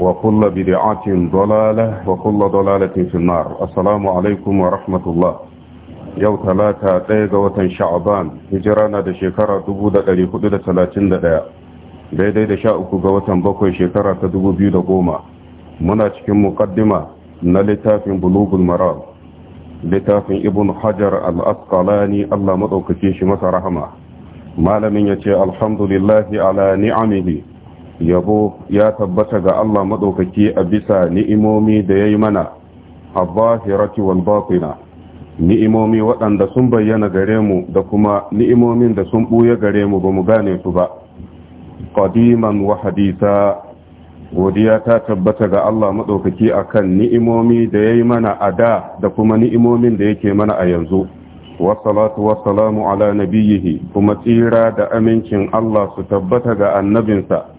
وكل بدعة ضلالة وكل ضلالة في النار السلام عليكم ورحمة الله يو ثلاثة تيغة وتن شعبان هجرانا دا شكرة دبودة da talatin da دا daidai da sha uku ga watan bakwai shekara ta dubu biyu da goma muna cikin muƙaddima na littafin bulugul maram littafin ibn hajar al-asqalani Allah maɗaukake shi masa rahama malamin ya ce alhamdulillahi ala ni'amihi yabo ya tabbata ga Allah maɗaukaki a bisa ni'imomi da ya yi mana a zahirati wal batina ni'imomi waɗanda sun bayyana gare mu da kuma ni'imomin da sun ɓuya gare mu ba mu gane su ba qadiman wa hadisa godiya ta tabbata ga Allah maɗaukaki kan ni'imomi da ya yi mana a da da kuma ni'imomin da yake mana a yanzu wasalatu wasalamu ala nabiyihi kuma tsira da amincin Allah su tabbata ga annabinsa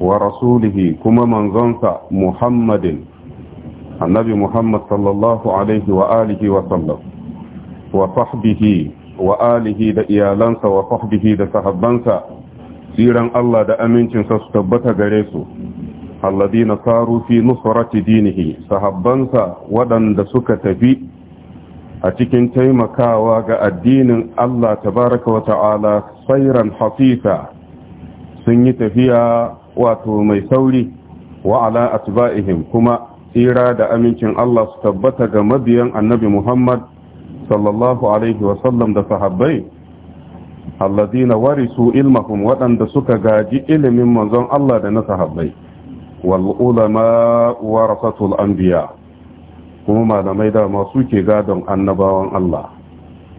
wa rasulihi kuma manzonsa muhammadin annabi muhammad sallallahu alaihi wa alihi wa sallam wa sahbihi wa alihi da iyalansa wa sahbihi da sahabbansa tsiran Allah da amincinsa su tabbata gare su alladina saru fi nusrati dinihi sahabbansa waɗanda suka tafi a cikin taimakawa ga addinin Allah tabaraka wa ta'ala sairan hafisa sun yi tafiya wato mai sauri wa ala atba'ihim kuma tsira da amincin Allah su tabbata ga mabiyan annabi Muhammad sallallahu alaihi wasallam da sahabbai alladina warisu ilmahum waɗanda suka gaji ilimin manzon Allah da na sahabbai wal ulama warasatul anbiya kuma malamai da masu ke gadon annabawan Allah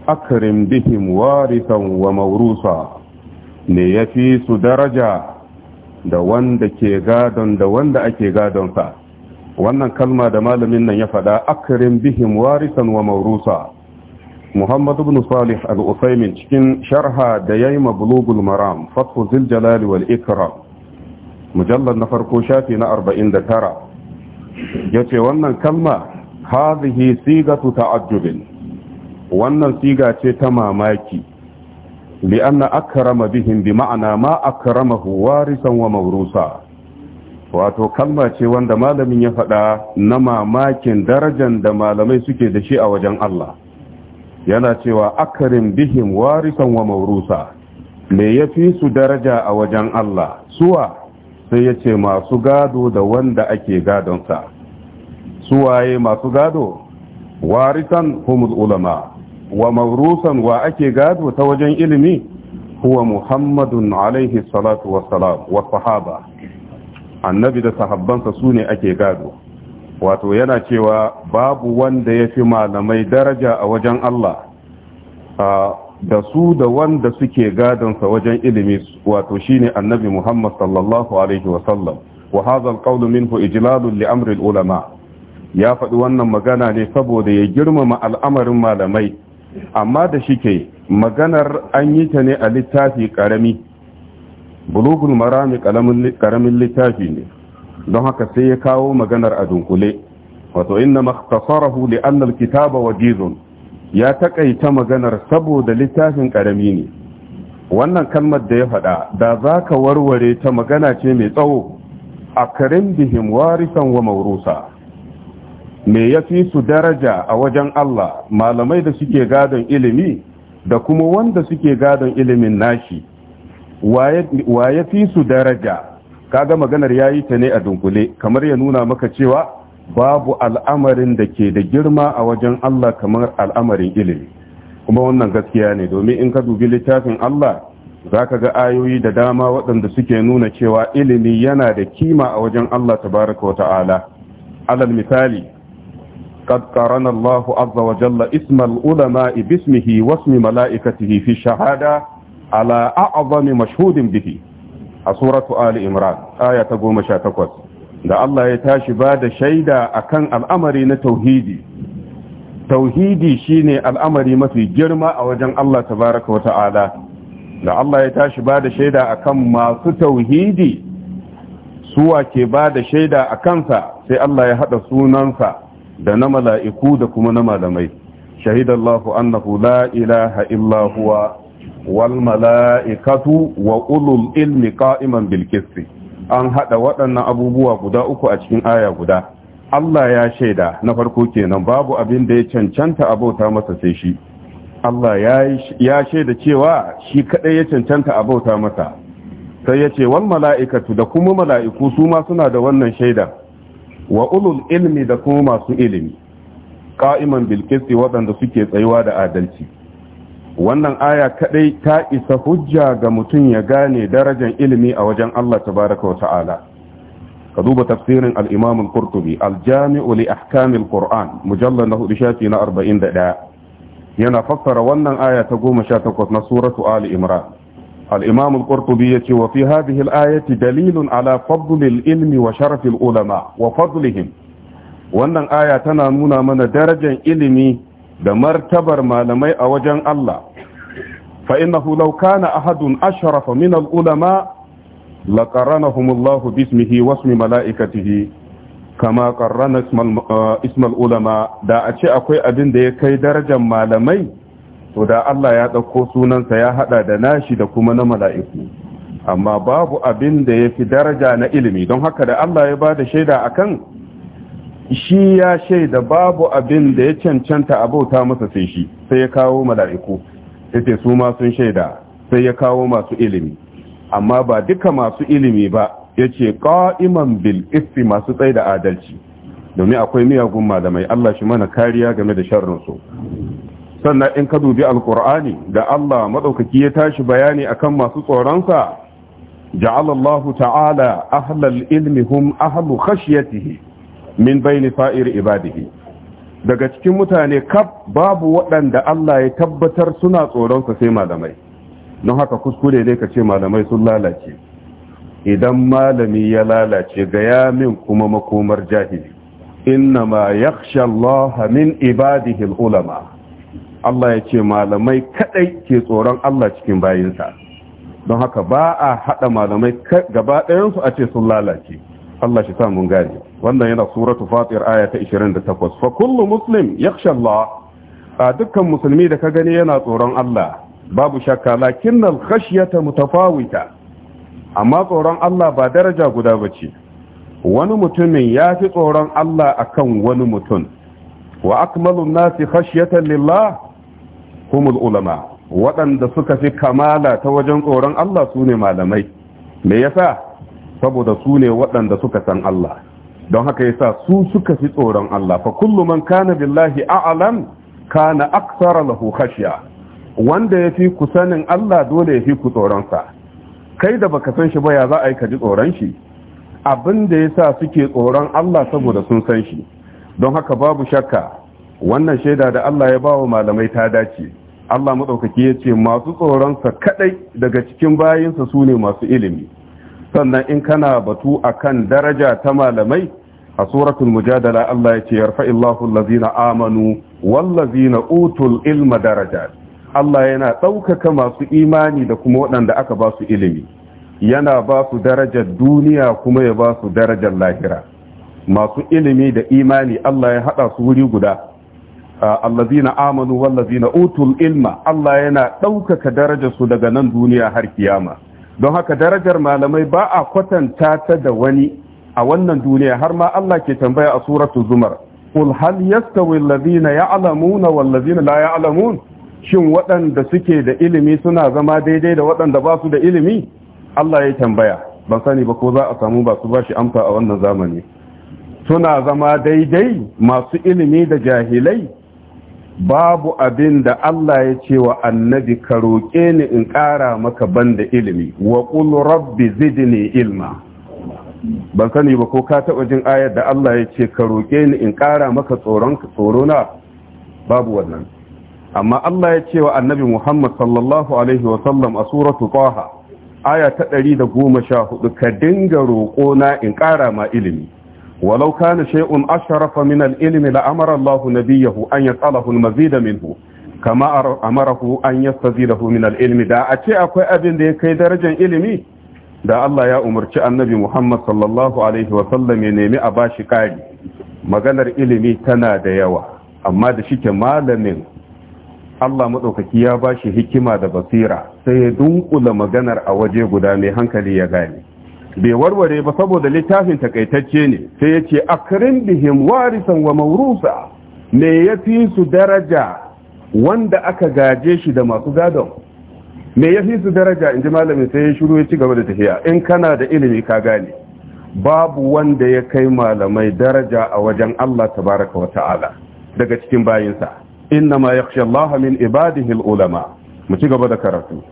akrim bihim warisan wa maurusa ne yafi su daraja da wanda ke gadon da wanda ake gadon sa wannan kalma da malamin nan ya faɗa akirin bihim warisan wa maurusa muhammad ibn salih al-usaimin cikin sharha da yayi mablugul maram fathu zil wal ikram Mujallar na farko shafi na 49 ce wannan kalma hadhihi sigatu ta'ajjubin wannan siga ce ta mamaki لأن أكرم بهم بمعنى ما أكرمه وارثا وموروثا wato kalma ce wanda malamin ya faɗa na mamakin darajan da malamai suke da shi a wajen Allah yana cewa akarin bihim warisan wa maurusa me ya fi su daraja a wajen Allah suwa sai ya ce masu gado da wanda ake gadonsa suwaye masu gado warisan humul ulama wa maurusan wa ake gado ta wajen ilimi huwa muhammadun alaihi salatu wa sahaba annabi da sahabbansa su ne ake gado wato yana cewa babu wanda ya fi malamai daraja a wajen Allah da su da wanda suke gadonsa wajen ilimi wato shine annabi muhammad sallallahu alaihi wasallam wa hadha minhu ijlalun li amri ulama ya faɗi wannan magana ne saboda ya girmama al'amarin malamai amma da shi ke maganar an yi ta ne a littafi ƙarami bulugul marami ƙaramin littafi ne don haka sai ya kawo maganar a dunkule wato inna makhtasarahu li annal kitaba wajizun ya takaita maganar saboda littafin karami ne wannan kalmar da ya faɗa da za ka warware ta magana ce mai tsawo karin bihim warisan wa maurusa me ya fi su daraja a wajen Allah malamai da suke gadon ilimi da kuma wanda suke gadon ilimin nashi wa ya fi su daraja kaga maganar ya yi ta ne a dunkule kamar ya nuna maka cewa babu al'amarin da ke da girma a wajen Allah kamar al'amarin ilimi kuma wannan gaskiya ne domin in ka dubi littafin Allah za ka ga ayoyi da dama waɗanda suke nuna cewa ilimi yana da kima a wajen Allah tabaraka wa ta'ala alal misali قد قرن الله عز وجل اسم العلماء باسمه واسم ملائكته في الشهادة على أعظم مشهود به سورة آل إمران آية تقوم شاتكوت da Allah ya tashi ba da shaida a kan al'amari na tauhidi tauhidi shine al'amari mafi girma a wajen Allah tabaraka wa ta'ala da Allah ya tashi ba da shaida a kan masu tauhidi suwa ke ba da shaida a kansa sai Allah ya haɗa sunansa da na mala'iku da kuma na malamai shahidallahu annahu la ilaha illa huwa wal mala'ikatu wa ulul ilmi kaiman bilkisti an haɗa waɗannan abubuwa guda uku a cikin aya guda Allah ya shaida na farko kenan babu abin da ya cancanta abota masa sai shi Allah ya shaida cewa shi kaɗai ya cancanta abota masa sai ya ce wal mala'ikatu da kuma mala'iku su ma suna da wannan shaidar. wa ulul ilmi da kuma masu ilimi Ka'iman bil waɗanda suke tsayuwa da adalci wannan aya kadai ta isa hujja ga mutum ya gane darajar ilimi a wajen Allah tabaraka wa ta'ala ka duba tafsirin al-imam al-qurtubi al-jami'u li ahkam quran mujallad na hudu shafi na 41 yana fassara wannan aya ta 18 na suratu ali imran الإمام القرطبي يتي وفي هذه الآية دليل على فضل العلم وشرف العلماء وفضلهم wannan aya tana nuna mana darajar ilimi da martabar malamai a wajen Allah fa innahu law kana ahadun ashrafa min al'ulama? ulama la qaranahum Allah bismihi wa malaikatihi kama qarrana ismal ulama da a ce akwai abin da ya kai darajar malamai to da Allah ya ɗauko sunansa ya haɗa da nashi da kuma na mala'iku amma babu abin da ya fi daraja na ilimi don haka da Allah ya ba da shaida a kan shi ya shaida babu abin da ya cancanta abauta masa sai shi sai ya kawo mala'iku sai su ma sun shaida sai ya kawo masu ilimi amma ba duka masu ilimi ba ya ce ƙa'iman bil isti masu tsaye da adalci domin akwai miyagun malamai Allah shi mana kariya game da sharrinsu sannan in ka dubi alkur'ani da Allah madaukaki ya tashi bayani akan masu tsoronsa ja'ala ta'ala ahlal ilmi hum ahlu khashyatihi min bayni sa'ir ibadihi daga cikin mutane kaf babu waɗanda Allah ya tabbatar suna tsoronsa sai malamai don haka kuskure ne ka ce malamai sun lalace idan malami ya lalace ga yamin kuma makomar jahili innama ma yakhsha Allah min ibadihi al-ulama Allah ya ce malamai kadai ke tsoron Allah cikin bayinsa don haka ba a haɗa malamai gaba ɗayansu a ce sun lalace Allah shi sa mun gane wannan yana suratu fatir aya ta 28 fa kullu muslim yakhsha Allah dukkan musulmi da ka gani yana tsoron Allah babu shakka lakinnal khashyata mutafawita amma tsoron Allah ba daraja guda bace wani mutumin ya fi tsoron Allah akan wani mutum wa akmalun nasi khashyatan lillah humul ulama waɗanda suka fi kamala ta wajen tsoron Allah su ne malamai me yasa saboda su ne waɗanda suka san Allah don haka yasa su suka fi tsoron Allah fa kullu man kana billahi a'lam kana aksara lahu khashya wanda ya fi ku sanin Allah dole ya fi ku tsoronsa kai da baka san shi ba ya za a yi ka ji tsoron shi Abinda da yasa suke tsoron Allah saboda sun san shi don haka babu shakka wannan shaida da Allah ya bawa malamai ta dace Allah maɗaukaki ya ce masu tsoronsa kaɗai daga cikin bayinsa su ne masu ilimi sannan in kana batu akan daraja ta malamai a suratul mujadala Allah ya ce yarfa Illahu lazina amanu wallazina utul ilma daraja'. Allah yana ɗaukaka masu imani da kuma waɗanda aka ba su ilimi yana ba su darajar duniya kuma ya ba su darajar lahira masu ilimi da imani Allah ya haɗa su wuri guda A allazina amanu wallazina utul ilma Allah yana ɗaukaka darajarsu daga nan duniya har kiyama don haka darajar malamai ba kwatanta ta da wani a wannan duniya har ma Allah ke tambaya a suratu zumar qul hal yastawi allazina ya'lamuna wallazina la ya'lamun shin waɗanda suke da ilimi suna zama daidai da waɗanda ba su da ilimi Allah ya tambaya ban sani ba ko za a samu ba su bashi amsa a wannan zamani suna zama daidai masu ilimi da jahilai babu abin da Allah ya ce wa annabi ka roƙe ni in ƙara maka banda ilimi wa ƙul rabbi zidni ilma ban sani ba ko ka taɓa jin ayar da Allah ya ce ka roƙe ni in ƙara maka tsorona, babu wannan amma Allah ya ce wa annabi Muhammad sallallahu alaihi wa a suratu Taha aya ta ɗari da goma sha hudu, ka dinga roƙona in ƙara ma ilimi ولو كان شيء أشرف من العلم لأمر الله نبيه أن يسأله المزيد منه كما أمره أن يستزيده من العلم دا أتي أكو أبن دي كي درجة علمي دا الله يا أمر النبي محمد صلى الله عليه وسلم ينمي أباشي قاعد maganar ilimi tana da أما amma da shike malamin Allah maɗaukaki ya ba shi hikima da basira sai ya dunkula maganar a waje guda mai hankali ya gane bai warware ba saboda littafin takaitacce ne sai ya ce akirin bihim warisan wa maurusa ne ya fi su daraja wanda aka gaje shi da masu gadon me ya fi su daraja in ji malamin sai ya shiru ya ci gaba da tafiya in kana da ilimi ka gane babu wanda ya kai malamai daraja a wajen Allah tabaraka wa ta'ala daga cikin bayinsa inna ma yakhsha Allah min ibadihi al-ulama mu ci gaba da karatu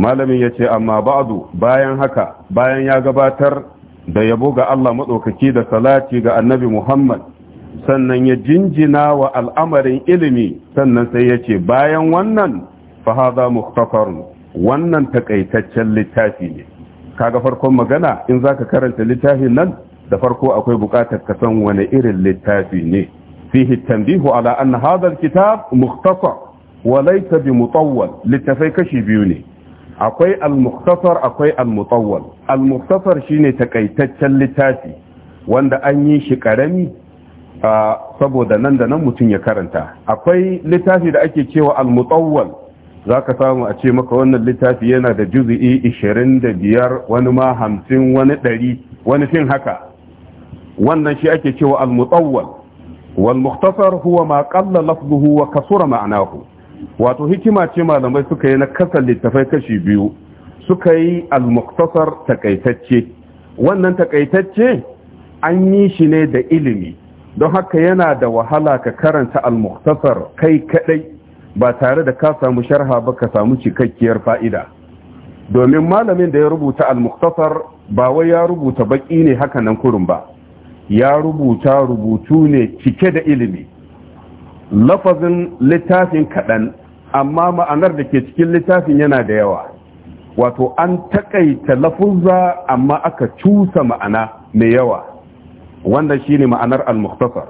malamin ya ce amma ba'adu bayan haka bayan ya gabatar da yabo ga Allah maɗaukaki da salati ga annabi Muhammad sannan ya jinjina wa al'amarin ilimi sannan sai ya ce bayan wannan fahaza muktafarun wannan takaitaccen littafi ne kaga farkon magana in za ka karanta littafin nan da farko akwai bukatar ka san wani irin littafi ne fihi tambihu ala anna hadha alkitab mukhtasar wa laysa bi mutawwal littafai kashi biyu ne akwai al-muktasar akwai al-mutawwal al-muktasar shine takaitaccen littafi wanda an yi shi karami saboda nan da nan mutum ya karanta akwai littafi da ake cewa al-mutawwal zaka samu a ce maka wannan littafi yana da juz'i 25 wani ma 50 wani 100 wani fin haka wannan shi ake cewa al-mutawwal wal mukhtasar huwa ma qalla lafzuhu wa kasura ma'nahu wato hikima ce malamai suka yi na kasar littafai kashi biyu suka yi al-muktasar takaitacce wannan takaitacce an yi shi ne da ilimi don haka yana da wahala ka karanta al-muktasar kai kadai ba tare da ka samu sharha ba ka samu cikakkiyar fa'ida domin malamin da ya rubuta al-muktasar ba wai ya rubuta baƙi ne haka nan kurun ba ya rubuta rubutu ne cike da ilimi lafazin littafin kaɗan amma ma'anar da ke cikin littafin yana da yawa wato an takaita lafuzza amma aka cusa ma'ana mai yawa wanda shine ma'anar al-mukhtasar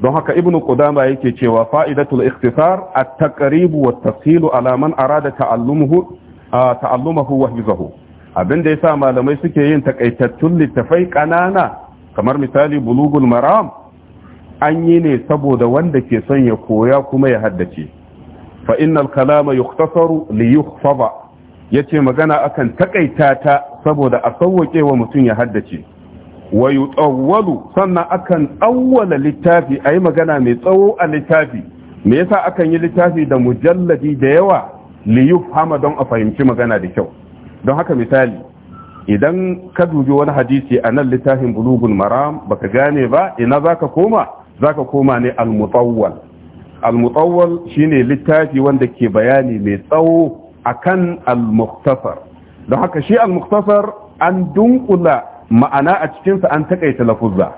don haka ibnu qudama yake cewa fa'idatul ikhtisar at-taqrib wa at-tafsil ala man arada ta'allumuhu ta'allumuhu wa hifzahu abinda yasa malamai suke yin takaitattun littafai kanana kamar misali bulugul maram an yi ne saboda wanda ke son ya koya kuma ya haddace fa innal kalama yuktasaru li yukhfada yace magana akan takaita ta saboda a sauwake wa mutum ya haddace wa yutawwalu sannan akan awwala littafi ayi magana mai tsawo a littafi me yasa akan yi littafi da mujalladi da yawa li yufhama don a fahimci magana da kyau don haka misali idan ka dubi wani hadisi a nan littafin bulugul maram baka gane ba ina zaka koma Za ka koma ne al-mutawwal al-mutawwal shine littafi wanda ke bayani mai tsawo akan al-mukhtasar don haka shi al-mukhtasar an dunkula ma'ana a cikinsa an takaita lafuzza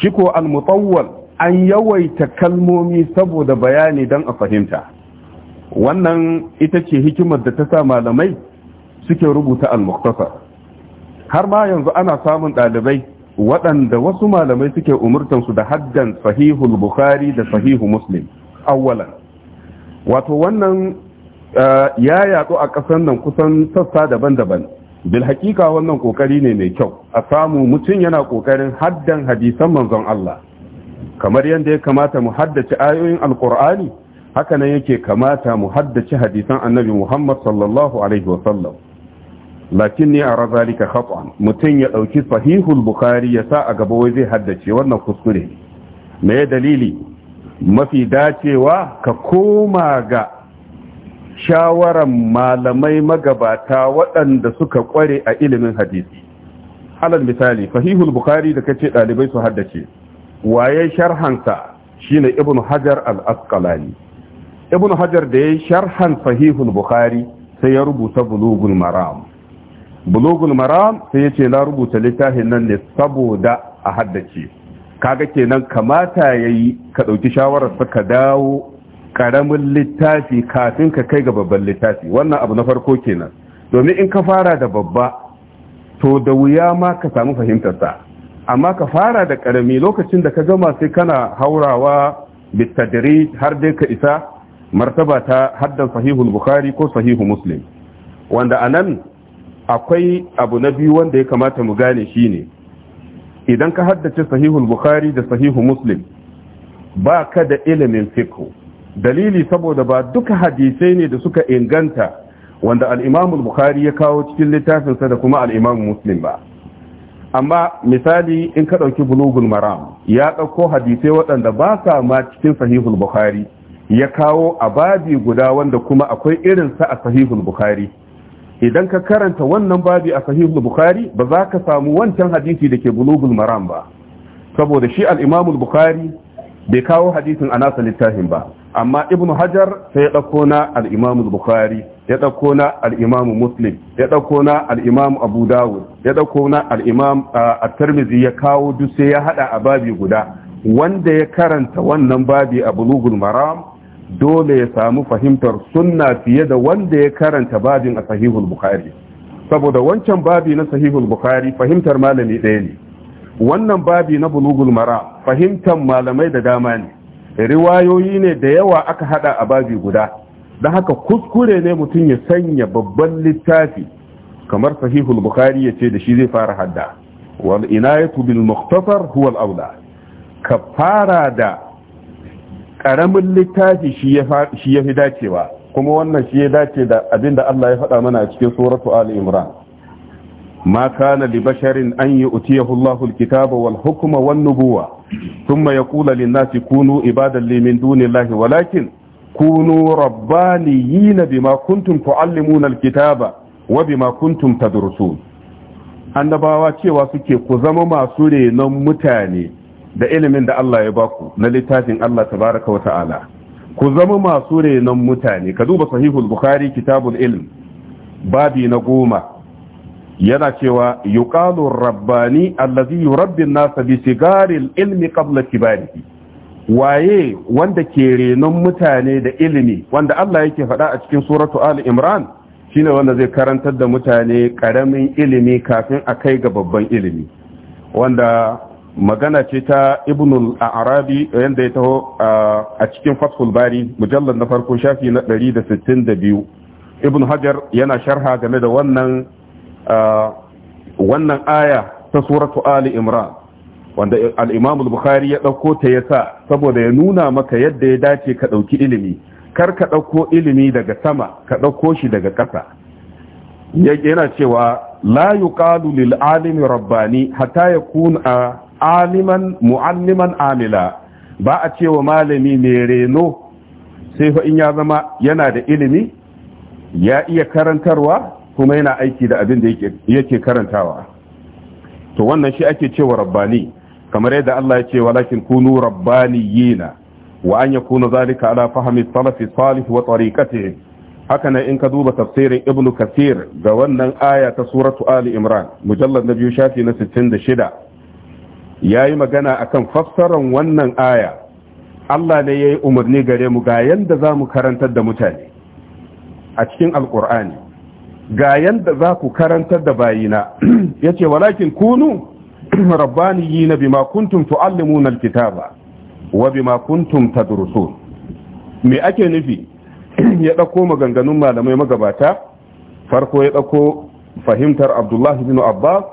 shi ko al-mutawwal an yawaita kalmomi saboda bayani don a fahimta wannan ita ce hikimar da ta sa malamai suke rubuta al-mukhtasar har ma yanzu ana samun ɗalibai waɗanda wasu malamai suke umurtansu da haddan sahihul bukhari da sahihu muslim awwalan wato wannan eh, ya yaɗo a ƙasar nan kusan sassa daban-daban bil haƙiƙa wannan ƙoƙari ne mai kyau a samu mutum yana ƙoƙarin haddan hadisan manzon Allah kamar yadda ya kamata mu haddace ayoyin alƙur'ani haka nan yake kamata mu haddace hadisan annabi muhammad sallallahu alaihi sallam. lakin ni a razalika khata'an mutum ya ɗauki sahihul bukhari ya sa a gaba wai zai haddace wannan kuskure me dalili mafi dacewa ka koma ga shawaran malamai magabata waɗanda suka ƙware a ilimin hadisi alal misali sahihul bukhari da kace ɗalibai su haddace waye sharhansa shine Ibn hajar al-asqalani ibnu hajar da ya sharhan sahihul bukhari sai ya rubuta bulugul maram bulogul maram sai yace na rubuta littafin nan ne saboda a haddace kaga kenan kamata yayi ka ɗauki shawarar ka dawo karamin littafi kafin ka kai ga babban littafi wannan abu na farko kenan domin in ka fara da babba to da wuya ma ka samu fahimtarsa. amma ka fara da karami lokacin da ka gama sai kana haurawa bitadrij har dai ka isa martaba ta haddan sahihul bukhari ko sahihu muslim wanda anan akwai abu na biyu wanda ya kamata mu gane shi ne. idan ka haddace sahihul bukhari da sahihu muslim ba ka da ilimin fiqh dalili saboda ba duka hadisai ne da suka inganta wanda al'imamun bukhari ya kawo cikin littafinsa da kuma al'imamun muslim ba amma misali in ka ɗauki bulugul maram ya ɗauko hadisai waɗanda ba sa ma cikin sahihul bukhari ya kawo abadi guda wanda kuma akwai irin sa a sahihul bukhari idan ka karanta wannan babi a sahihul bukhari ba za ka samu wancan hadisi da ke bulugul maram ba saboda shi al'imamul bukhari bai kawo hadisin a nasa littafin ba amma ibn hajar sai ya ɗauko na bukhari ya ɗauko na muslim ya ɗauko na abu dawud ya ɗauko na al-imam ah, ya kawo duk sai ya hada a babi guda wanda ya karanta wannan babi a bulugul maram dole ya samu fahimtar sunna fiye da wanda ya karanta babin a sahihul bukhari saboda wancan babi na sahihul bukhari fahimtar malami ɗaya ne wannan babi na bulugul mara fahimtar malamai da dama ne riwayoyi ne da yawa aka hada a babi guda don haka kuskure ne mutum ya sanya babban littafi kamar sahihul bukhari ya ce da shi zai fara hadda wal inayatu bil mukhtasar huwa aula ka fara da karamin littafi shi ya fi dacewa kuma wannan shi ya dace da abin da Allah ya faɗa mana a cikin suratu Ali Imran ma kana li basharin an yu'tiyahu Allahu al-kitaba wal hukma wan nubuwa thumma yaqulu lin-nasi kunu ibadan li min dunillahi walakin kunu na bima kuntum tu'allimuna al-kitaba wa bima kuntum tadrusun annabawa cewa suke ku zama masu renon mutane da ilimin da Allah ya baku na littafin Allah tabaraka wa ta'ala ku zama masu renon mutane ka duba sahihul bukhari kitabul ilm babi na goma yana cewa yuqalu rabbani allazi yurabbi an-nas bi sigaril ilmi qabla kibarihi waye wanda ke renon mutane da ilimi wanda Allah yake faɗa a cikin suratu ali imran shine wanda zai karantar da mutane karamin ilimi kafin a kai ga babban ilimi wanda magana ce ta ibnul arabi yadda ya taho a cikin fathul bari mujallar na farko shafi na 162 ibn hajar yana sharha game da wannan wannan aya ta suratu ali imran wanda al-imam bukhari ya dauko ta yasa saboda ya nuna maka yadda ya dace ka dauki ilimi kar ka dauko ilimi daga sama ka dauko shi daga ƙasa yana cewa la yuqalu lil alimi rabbani hatta yakun a aliman mu'alliman amila ba a cewa malami mai reno sai fa in ya zama yana da ilimi ya iya karantarwa kuma yana aiki da abin da yake karantawa to wannan shi ake cewa rabbani kamar yadda Allah ya ce walakin kunu rabbaniyina wa an yakuna zalika ala fahmi salafi salih wa tariqatihi haka ne in ka duba tafsirin ibnu kathir ga wannan aya ta suratu ali imran mujallad na biyu shafi na 66 ya yi magana a kan fassaran wannan aya Allah ne ya yi umarni gare mu ga yadda za mu karantar da mutane a cikin alkur'ani ga yadda za ku karantar da bayina ya ce walakin kunu yi na bima kuntum tu'allimuna alkitaba wa bima kuntum tadrusun me ake nufi ya ɗauko maganganun malamai magabata farko ya ɗauko fahimtar abdullahi bin abbas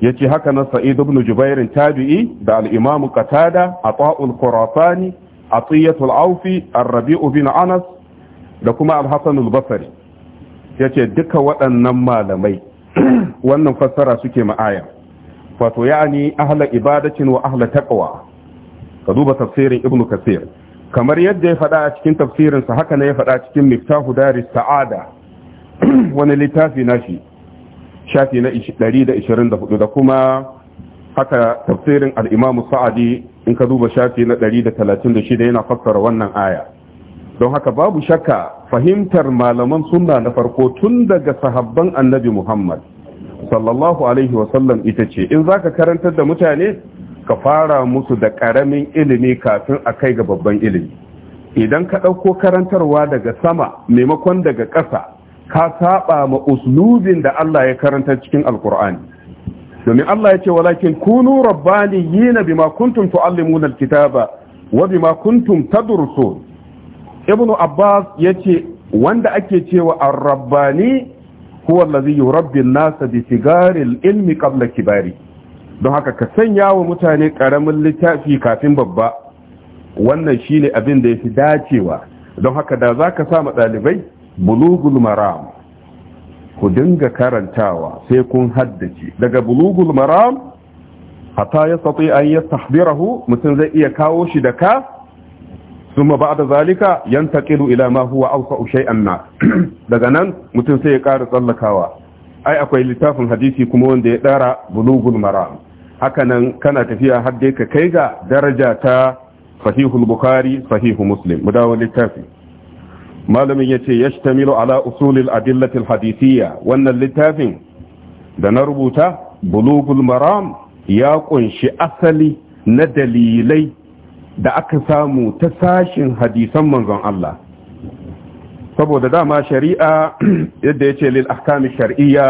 yace haka na sa'id ibn jubair tabi'i da al-imam qatada ata'ul qurafani atiyatul aufi ar-rabi'u bin anas da kuma al-hasan al-basri yace duka waɗannan malamai wannan fassara suke ma'aya wato ya'ani ahla ibadatin wa ahla taqwa ka duba tafsirin ibn kasir kamar yadda ya faɗa a cikin tafsirinsa haka ne ya faɗa cikin miftahu daris sa'ada wani littafi na shi. shafi na 124 da kuma haka tafsirin al'imamu sa'adi in ka duba shafi na 136 yana fassara wannan aya don haka babu shakka fahimtar malaman sunna na farko tun daga sahabban annabi muhammad sallallahu alaihi wasallam ita ce in za ka karantar da mutane ka fara musu da karamin ilimi kafin a kai ga babban ilimi idan ka ɗauko karantarwa daga sama maimakon daga ƙasa ka saba ma uslubin da Allah ya karanta cikin alkur'ani domin Allah ya ce walakin kunu rabbaniyina bima kuntum tuallimuna alkitaba wa bima kuntum tadrusun ibnu abbas yace wanda ake cewa ar-rabbani huwa allazi yurabbi an-nasa bi sigari al-ilmi qabla kibari don haka ka sanya wa mutane karamin littafi kafin babba wannan shine abin da yafi dacewa don haka da zaka sa ma dalibai bulugul maram ku dinga karantawa sai kun haddace daga bulugul maram ya sati an ya tahdirahu mutum zai iya kawo shi da ka Suma ba da zalika yanta ila ma huwa awsa'u shay'an na daga nan mutum sai ya ƙara tsallakawa ai akwai littafin hadisi kuma wanda ya ɗara bulugul maram nan kana tafiya har dai ka kai ga daraja ta sahihul bukhari sahihu muslim mu dawo littafi malamin ya ce ya shtamilu ala usulil adillatil hadithiyya wannan littafin da na rubuta bulugul maram ya kunshi asali na dalilai da aka samu ta sashin hadisan manzon Allah saboda dama shari'a yadda ya ce lil ahkami shar'iyya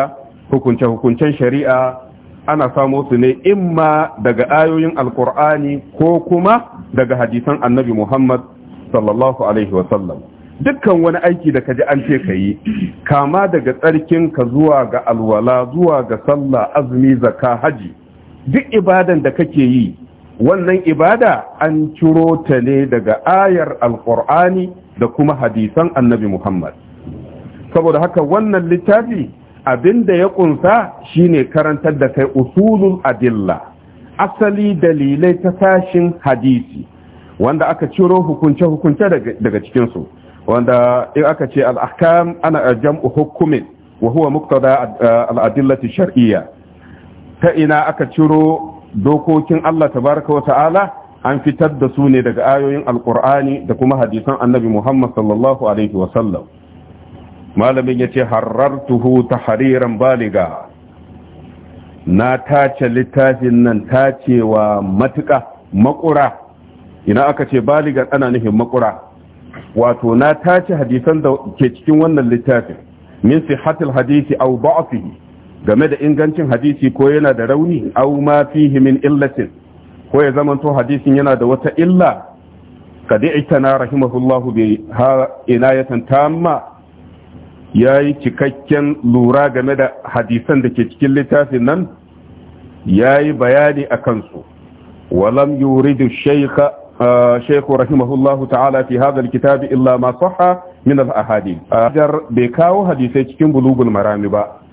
hukunce-hukuncen shari'a ana samo su ne imma daga ayoyin alkur'ani ko kuma daga hadisan annabi muhammad sallallahu alaihi wasallam dukkan wani aiki da kaji an ce ka yi kama daga tsarkin ka zuwa ga alwala zuwa ga sallah azumi zakka haji duk ibadan da kake yi wannan ibada an ciro ta ne daga ayar alqur'ani da kuma hadisan annabi muhammad saboda haka wannan littafi abin da ya kunsa shine karantar da kai usulul adilla asali dalilai ta tashin hadisi wanda aka ciro hukunce-hukunce daga cikinsu wanda in aka ce ana ahkam eh, ana jam'u hukumin wa huwa muqtada eh, al shar'iyya ta ina aka ciro dokokin Allah tabaraka wa ta'ala an fitar da su ne daga ayoyin alƙur'ani da kuma hadisan annabi Muhammad sallallahu alaihi wa sallam malamin yace harartuhu hariran baliga na tace littafin nan tacewa matuka makura ina aka ce baligan ana nufin makura wato na tace hadisan da ke cikin wannan littafin min sihhatil hadisi aw da'fihi game da ingancin hadisi ko yana da rauni aw ma fihi min illatin ko ya zamanto hadisin yana da wata illa kad i'tana rahimahullahu bi ha inayatan tamma yayi cikakken lura game da hadisan da ke cikin littafin nan yayi bayani akan su walam yuridu shaykha شيخ رحمه الله تعالى في هذا الكتاب إلا minal صح من الأحاديث أجر بكاو حديثي cikin bulugul marami ba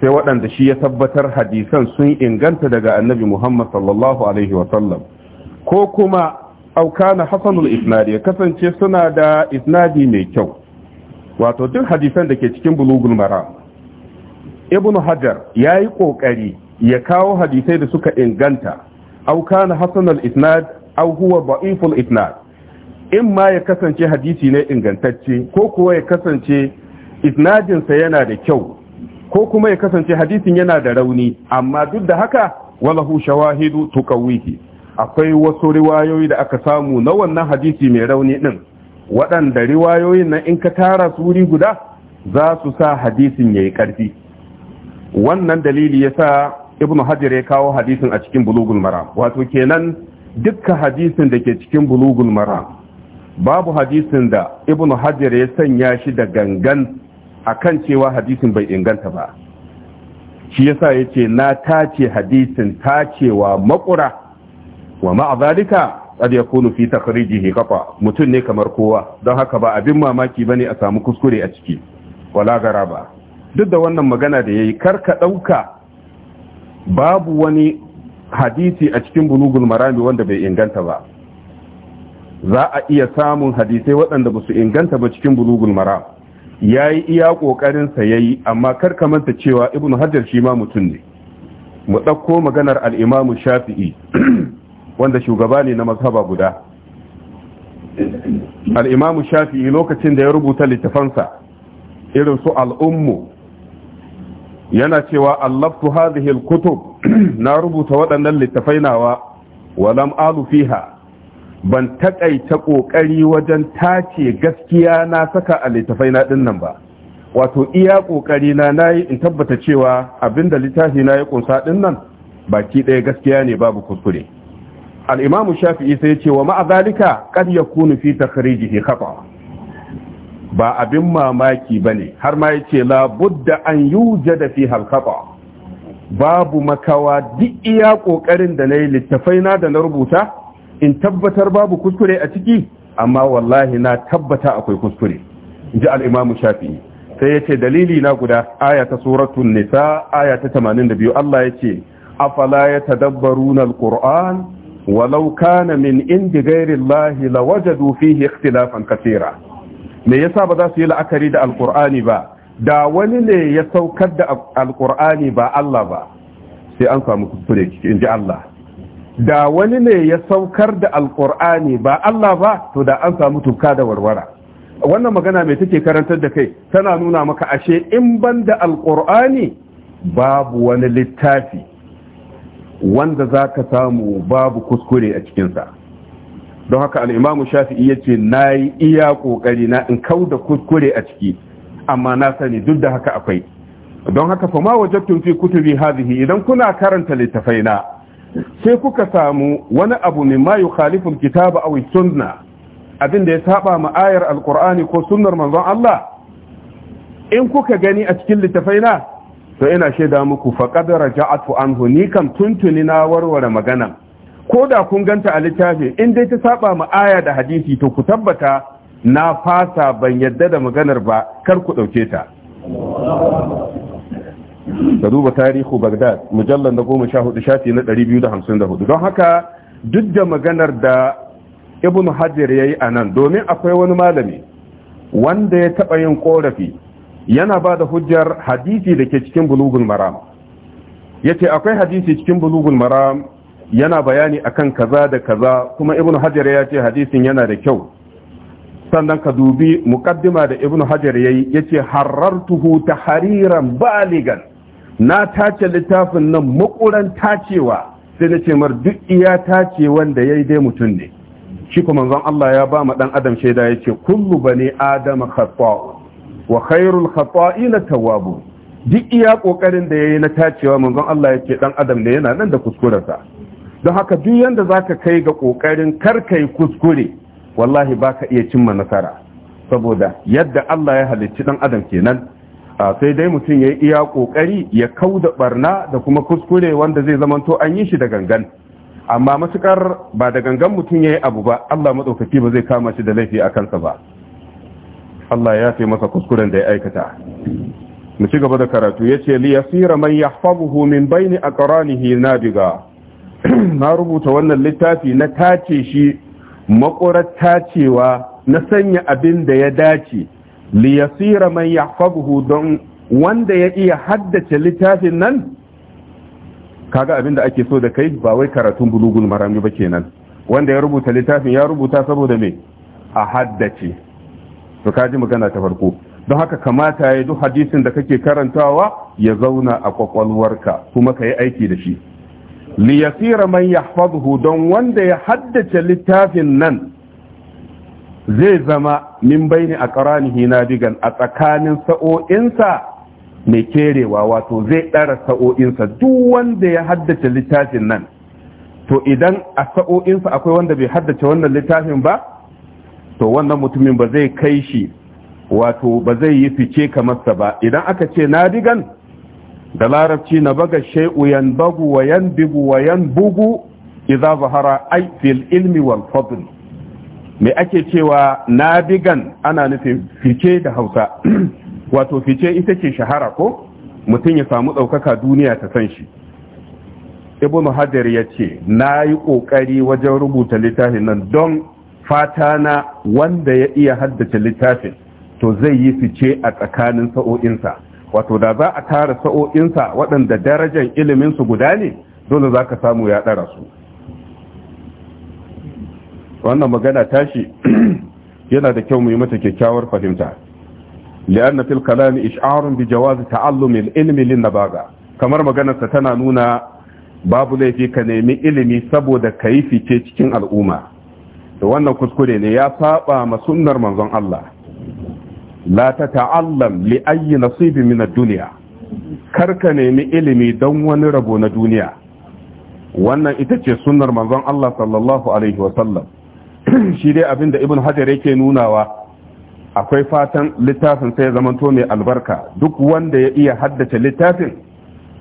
sai waɗanda shi ya tabbatar hadisan sun inganta daga annabi Muhammad sallallahu alaihi wa sallam ko kuma aukana hasanul isnadi ya kasance suna da isnadi mai kyau wato duk hadisan da ke cikin bulugul maram ibnu hajar ya yi kokari ya kawo hadisai da suka inganta aukana hasanul isnad aw huwa da'iful isnad in ma ya kasance hadisi ne ingantacce ko kuwa ya kasance isnadinsa yana da kyau ko kuma ya kasance hadisin yana da rauni amma duk da haka walahu shawahidu tuqawwihi akwai wasu riwayoyi da aka samu na wannan hadisi mai rauni din waɗanda riwayoyin nan in ka tara su wuri guda za su sa hadisin yayi karfi wannan dalili yasa ibnu hajar ya kawo hadisin a cikin bulugul maram wato kenan dukkan hadisin da ke cikin bulugul mara babu hadisin da ibn hajar ya sanya shi da gangan a kan cewa hadisin bai inganta ba shi yasa ya ce na tace hadisin tacewa makura wa ma'azalika qad yakunu fi takhrijihi kafa mutum ne kamar kowa don haka ba abin mamaki ne a samu kuskure a ciki wala ba duk da wannan magana da yayi karka ɗauka, babu wani hadisi a cikin bulugul marami wanda bai inganta ba za a iya samun hadisai waɗanda ba su inganta ba cikin bulugul maram ya yi iya sa ya yi amma kar ka manta cewa ibn hajar shi ma mutum ne mu ɗauko maganar al'imamu shafi'i wanda shugaba ne na mazhaba guda al'imamu shafi'i lokacin da ya rubuta littafansa irin su al'ummu yana cewa allaftu hadhihi al-kutub na rubuta waɗannan littafai nawa walam alu fiha ban taƙaita kokari wajen tace gaskiya na saka a littafai na nan ba wato iya kokari na nayi in tabbata cewa abinda littafi na ya kunsa ɗinnan baki ɗaya gaskiya ne babu kuskure al-imam shafi'i sai ce wa ma'a zalika qad yakunu fi takhrijihi khata ba abin mamaki bane har ma yace la budda an yujada fi hal khata babu makawa duk iya ƙoƙarin da na yi littafai na da na rubuta in tabbatar babu kuskure a ciki amma wallahi na tabbata akwai kuskure in ji al'imamu shafi sai ya ce dalili na guda aya ta suratun nisa aya ta 82 Allah ya ce afala ya tadabbaru na al'ur'an walau kana min indi gairin lahi lawajadu fihi ikhtilafan kasira me yasa ba za su yi la'akari da Alkur'ani ba da wani ne ya saukar da alkur'ani ba Allah ba sai an samu kuskure in ji Allah da wani ne ya saukar da alkur'ani ba Allah ba to da an samu tuka da warwara wannan magana mai take karantar da kai tana nuna maka ashe in ban da alkur'ani babu wani littafi wanda za ka samu babu kuskure a cikinsa don haka al'imamu shafi'i ya ce na yi iya ƙoƙari na in kau da kuskure a ciki amma na sani duk da haka akwai don haka fa ma wajadtum fi kutubi hadhihi idan kuna karanta littafaina sai kuka samu wani abu min ma yukhalifu alkitaba aw sunna abin da ya saba ma ayar alqur'ani ko sunnar manzon Allah in kuka gani a cikin littafaina to ina shaida muku faqad raja'atu anhu ni kam tuntuni na warware magana ko da kun ganta a littafi in dai ta saba ma aya da hadisi to ku tabbata na fasa ban yadda da maganar ba kar ku ɗauke ta Da duba tarihu bagdad mujallar da goma sha hudu shafi na ɗari biyu da hamsin da hudu don haka duk da maganar da ibn hajar ya yi a nan domin akwai wani malami wanda ya taɓa yin ƙorafi yana ba da hujjar hadisi da ke cikin bulugul maram ya ce akwai hadisi cikin bulugul maram yana bayani akan kaza da kaza kuma ibn hajjar ya ce hadisin yana da kyau sannan ka dubi mukaddima da ibnu hajar yayi yace harartuhu tahriran baligan na tace littafin nan makuran tacewa sai na ce mar duk iya tace wanda yayi dai mutum ne shi kuma manzon Allah ya ba mu dan adam shaida yace kullu bani adam khata wa khairul khata'ina tawwabun duk iya kokarin da yayi na tacewa manzon Allah yace dan adam ne yana nan da kuskurarsa don haka duk yanda zaka kai ga kokarin kar kai kuskure wallahi ba ka iya cimma nasara saboda yadda Allah ya halicci dan adam kenan sai dai mutum ya yi iya kokari ya da barna da kuma kuskure wanda zai zamanto an yi shi da gangan amma matukar ba da gangan mutum ya yi abu ba Allah maɗaukaki ba zai kama shi da laifi a kansa ba Allah ya fi masa kuskuren da ya aikata mu ci gaba da karatu ya ce liyasira man yahfazuhu min baini aqranihi nadiga na rubuta wannan littafi na tace shi maƙurar cewa na sanya abin da ya dace liyasira man yahfazuhu don wanda ya iya haddace littafin nan kaga abin da ake so da kai ba wai karatun bulugul marami ba kenan wanda ya rubuta littafin ya rubuta saboda me a haddace to kaji magana ta farko don haka kamata ya yi duk hadisin da kake karantawa ya zauna a kwakwalwarka kuma ka yi aiki da shi liyasira man yahfazuhu don wanda ya haddace littafin nan zai zama min baini a ƙaranihi na digan a tsakanin sa'o'insa mai kerewa wato zai ɗara sa'o'insa duk wanda ya haddace littafin nan to idan a sa'o'insa akwai wanda bai haddace wannan littafin ba to wannan mutumin ba zai kai shi wato ba zai yi fice kamar sa ba idan aka ce na digan da larabci na baga shay'u yanbagu wa yanbigu wa yanbugu idza zahara ay fil ilmi wal fadl me ake cewa nabigan ana nufin fice da Hausa wato fice ita ce shahara ko mutum ya samu ɗaukaka duniya ta san shi ibnu hajar ya ce na yi ƙoƙari wajen rubuta littafin nan don fata na wanda ya iya haddace littafin to zai yi fice a tsakanin sa'o'insa wato da za a tara sa'o'insa waɗanda darajar iliminsu guda ne dole za ka samu ya ɗara su wannan magana tashi yana da kyau mu yi mata kyakkyawar fahimta na fil kalami ish'arun bi jawazi ta'allum ilimin ilmi lin kamar maganarsa tana nuna babu laifi ka nemi ilimi saboda ka yi fice cikin al'umma da wannan kuskure ne ya saba ma sunnar manzon Allah Latata ta ta'allam li ayyi nasibin min ad-dunya nemi ilimi don wani rabo na duniya wannan ita ce sunnar manzon Allah sallallahu shi dai abinda ibn hajar yake nunawa akwai fatan littafin sai zamanto mai albarka duk wanda ya iya haddace littafin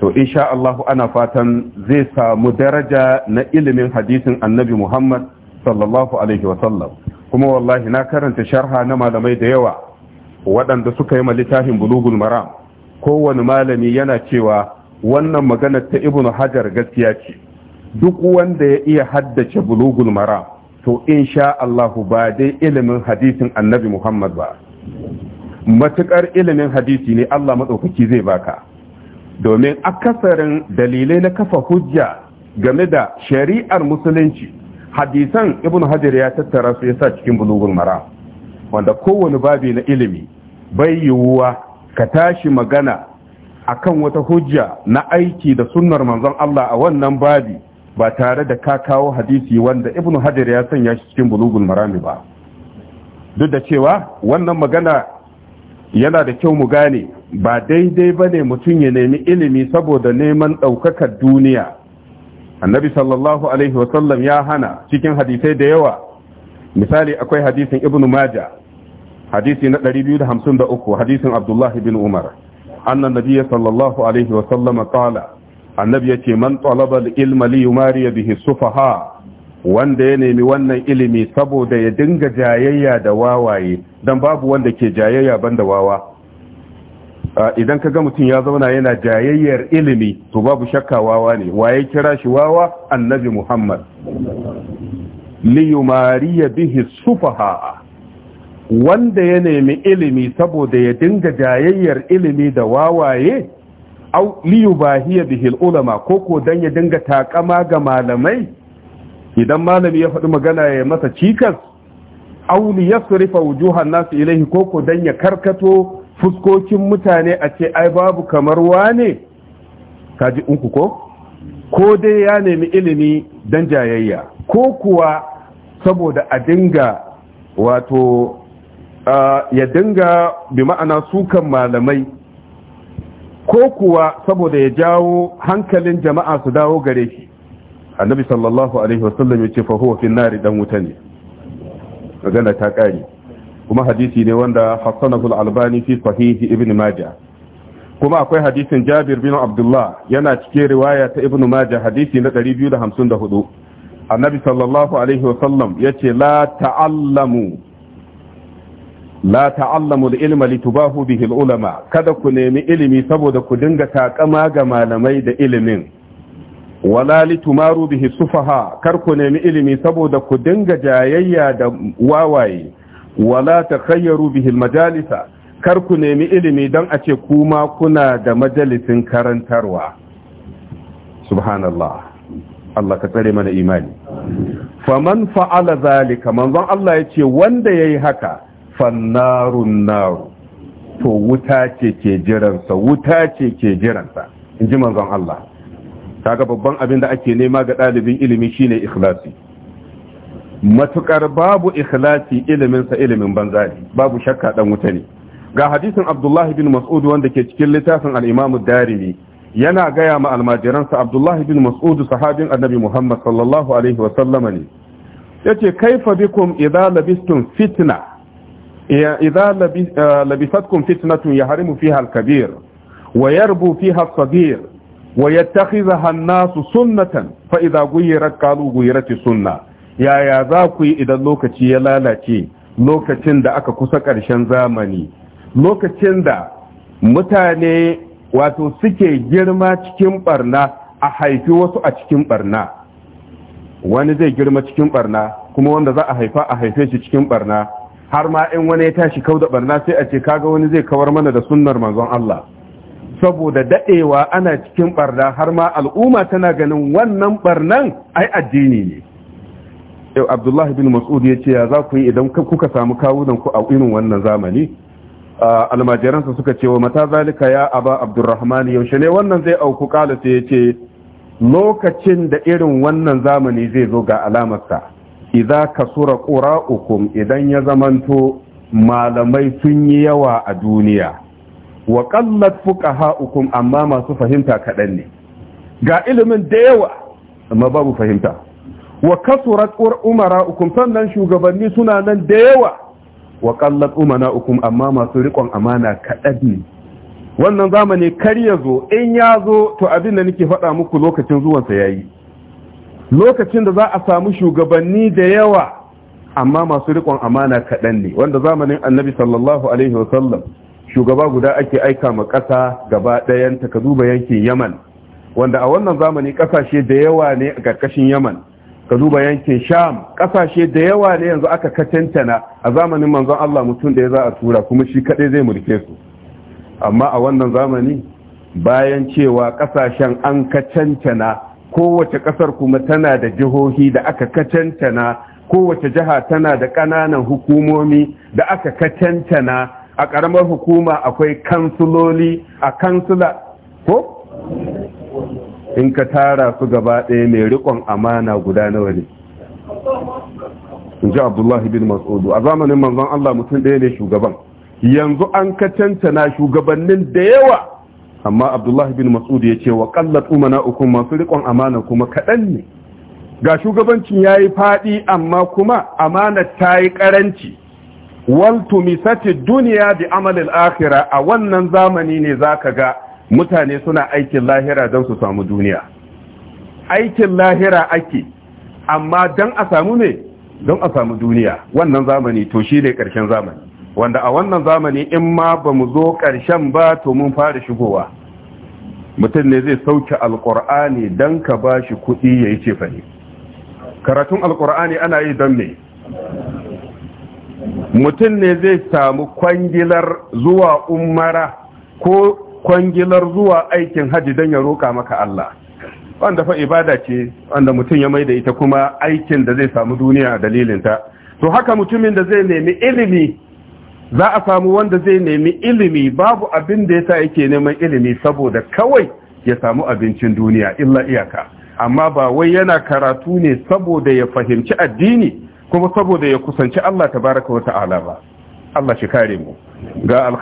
to insha Allah ana fatan zai samu daraja na ilimin hadisin annabi Muhammad sallallahu kuma wallahi na karanta sharha na malamai da yawa waɗanda suka yi ma littafin bulugul maram kowane malami yana cewa wannan maganar ta ibnu hajar gaskiya ce duk wanda ya iya haddace bulugul Mara, to insha Allah ba dai ilimin hadisin annabi Muhammad ba matukar ilimin hadisi ne Allah maɗaukaki zai baka domin akasarin dalilai na kafa hujja game da shari'ar musulunci hadisan ibnu hajar ya tattara su yasa cikin bulugul maram wanda kowane babi na ilimi bai yiwuwa ka tashi magana a kan wata hujja na aiki da sunnar manzon Allah a wannan babi ba tare da ka kawo hadisi wanda ibnu hajar ya sanya shi cikin bulugul marami ba duk da cewa wannan magana yana da kyau mu gane ba daidai ba ne mutum ya nemi ilimi saboda neman ɗaukakar duniya annabi sallallahu alaihi wasallam ya hana cikin hadisai da yawa misali akwai hadisin ibnu Majah hadisi na 253 hadisin abdullahi bin umar annan nabiya sallallahu alaihi wasallam kala annabi yace ce man talaba ilma li yumariya sufaha wanda ya nemi wannan ilimi saboda ya dinga jayayya da wawaye dan babu wanda ke jayayya da wawa idan ka ga mutum ya zauna yana jayayyar ilimi to babu shakka wawa ne waye kira shi wawa annabi muhammad liyumariya bihi sufaha wanda ya nemi ilimi saboda ya dinga jayayyar ilimi da wawaye au da bihil ulama ko dan ya dinga takama ga malamai idan malami ya faɗi magana ya masa cikas au liyasrifa wujuhan nasu ilaihi ko dan ya karkato fuskokin mutane a ce ai babu kamar wane kaji unku ko ko dai ya nemi ilimi dan jayayya ko kuwa saboda a dinga wato ya dinga bi ma'ana sukan malamai ko kuwa saboda ya jawo hankalin jama'a su dawo gare shi annabi sallallahu alaihi wasallam ya ce fa huwa fin nari dan wuta ne magana ta kare kuma hadisi ne wanda hassanahu al-albani fi sahihi ibn majah kuma akwai hadisin jabir bin abdullah yana cikin riwaya ta ibn majah hadisi na 254 annabi sallallahu alaihi wasallam yace la ta'allamu la ta'allamu al-ilma litubahu bihi ulama kada ku nemi ilimi saboda ku dinga takama ga malamai da ilimin wala litumaru bihi sufaha kar ku nemi ilimi saboda ku dinga jayayya da wawaye wala takhayyaru bihi majalisa kar ku nemi ilimi dan a ce kuma kuna da majalisin karantarwa subhanallah Allah ka tsare mana imani faman fa'ala zalika manzon Allah yace wanda yayi haka fannarun naru to wuta ce ke jiransa wuta ce ke jiransa in ji manzon Allah kaga babban abin da ake nema ga ɗalibin ilimi shine ikhlasi matukar babu ikhlasi iliminsa ilimin banza ne babu shakka dan wuta ne ga hadisin Abdullah bin Mas'ud wanda ke cikin littafin al-Imam Darimi yana gaya ma almajiransa Abdullah bin Mas'ud sahabin Annabi Muhammad sallallahu alaihi wa sallama ne yace kaifa bikum idza labistum fitna إذا لبستكم فتنة يهرم فيها الكبير ويربو فيها الصغير ويتخذها الناس سنة فإذا غيرت قالوا غيرت السنة يا يا ذاكي إذا لوكتي يلالتي lokacin da aka kusa ƙarshen zamani lokacin da mutane wato suke girma cikin barna a haifi wasu a cikin barna wani zai girma cikin barna kuma wanda za a haifa a haife shi cikin barna har ma in wani ya tashi kau da barna sai a ce kaga wani zai kawar mana da sunnar manzon Allah saboda daɗewa ana cikin barna har ma al'umma tana ganin wannan barnan ai addini ne yau abdullah bin mas'ud ya ce ya za ku yi idan kuka samu kawunan ku a irin wannan zamani almajiransa suka ce wa mata zalika ya aba abdurrahman yaushe ne wannan zai auku kala sai ya ce lokacin da irin wannan zamani zai zo ga alamarsa idza kasura qura'ukum idan ya zamanto malamai sun yi yawa a duniya wa qallat fuqaha'ukum amma masu fahimta kadan ne ga ilimin da yawa amma babu fahimta wa kasurat umara'ukum sannan shugabanni suna nan da yawa wa qallat umana'ukum amma masu riƙon amana kaɗan ne wannan zamani kar ya zo in ya zo to abin da nake faɗa muku lokacin zuwansa yayi lokacin da za a samu shugabanni da yawa amma masu riƙon amana kaɗan ne wanda zamanin annabi sallallahu alaihi wasallam shugaba guda ake aika ma ƙasa gaba ɗayan ka duba yankin yaman wanda a wannan zamani ƙasashe da yawa ne a ƙarƙashin yaman ka duba yankin sham ƙasashe da yawa ne yanzu aka katantana a zamanin manzon allah mutum da ya za a tura kuma shi kaɗai zai mulke su amma a wannan zamani bayan cewa ƙasashen an katantana kowace ƙasar kuma tana da jihohi da aka kacantana kowace jiha tana da ƙananan hukumomi da aka kacantana a ƙaramar hukuma akwai kansuloli a kansula ko in ka tara su gaba ɗaya mai riƙon amana guda nawa ne in ji abdullahi bin mas'udu a zamanin manzon allah mutum ɗaya ne shugaban yanzu an kacantana shugabannin da yawa amma abdullahi bin mas'ud ya ce wa kallat umana uku masu riƙon amana kuma kaɗan ne ga shugabancin ya yi faɗi amma kuma amana ta yi ƙaranci waltu misati duniya bi amalin akhira a wannan zamani ne za ka ga mutane suna aikin lahira don su samu duniya aikin lahira ake amma don a samu ne don a samu duniya wannan zamani to shi ne ƙarshen zamani wanda a wannan zamani in ma ba mu zo ƙarshen ba to mun fara shigowa mutum ne zai sauke alƙur'ani don ka ba shi kuɗi ya yi cefane karatun alƙur'ani ana yi don me mutum ne zai samu kwangilar zuwa umara ko kwangilar zuwa aikin hajji don ya roƙa maka Allah wanda fa ibada ce wanda mutum ya mai da ita kuma aikin da zai samu duniya dalilinta to haka mutumin da zai nemi ilimi za a samu wanda zai nemi ilimi babu abin da ya sa yake neman ilimi saboda kawai ya samu abincin duniya illa iyaka amma ba wai yana karatu ne saboda ya fahimci addini kuma saboda ya kusanci Allah Ta tabaraka wata'ala ba Allah shi kare mu ga al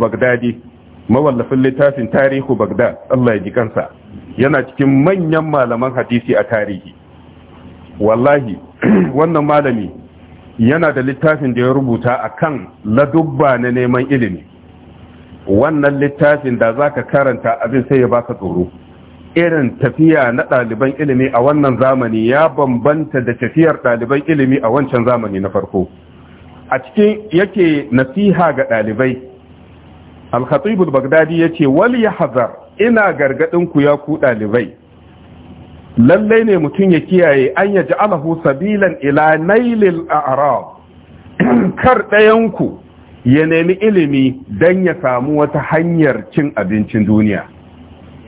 bagdadi mawallafin littafin tarihu bagdad Allah ya ji kansa yana cikin manyan malaman hadisi a tarihi wallahi wannan malami yana da littafin da ya rubuta a kan ladubba na neman ilimi wannan littafin da za ka karanta abin sai ya baka tsoro irin tafiya na ɗaliban ilimi a wannan zamani ya bambanta da tafiyar ɗaliban ilimi a wancan zamani na farko a cikin yake nasiha ga ɗalibai al-khatibul bagdadi yace wal yahzar ina gargadin ku ya ku ɗalibai lallai ne mutum ya kiyaye an ya ji alahu sabilan ila nailil arab kar ɗayanku ya nemi ilimi don ya samu wata hanyar cin abincin duniya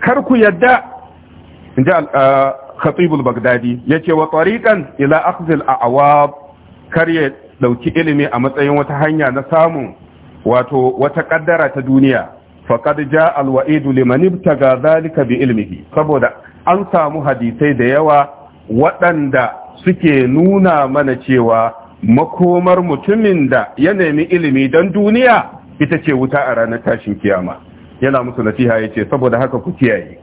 kar ku yadda in ji uh, khatibul bagdadi ya ce wa tariqan ila akhzil Awab, kar ya ɗauki ilimi a matsayin wata hanya na samun wato wata ƙaddara ta duniya jaa ja alwa'idu liman ibtaga zalika bi ilmihi saboda an samu hadisai da yawa waɗanda suke nuna mana cewa makomar mutumin da ya nemi ilimi don duniya ita ce wuta a ranar tashin kiyama yana musu nasiha ya ce saboda haka ku kiyaye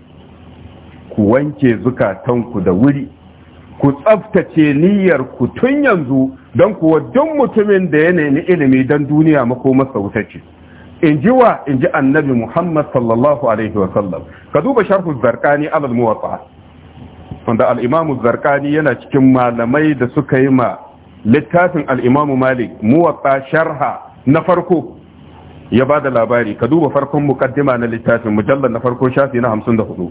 ku wanke zukatanku da wuri ku tsaftace niyyar ku tun yanzu don kuwa duk mutumin da ya nemi ilimi don duniya makomarsa wuta ce in ji wa in ji annabi Muhammad sallallahu alaihi wa sallam ka duba sharhu zarqani alal muwatta wanda al-imam zarqani yana cikin malamai da suka yi ma littafin al-imam Malik muwatta sharha na farko ya ba da labari ka duba farkon muqaddima na littafin mujallar na farko shafi na 54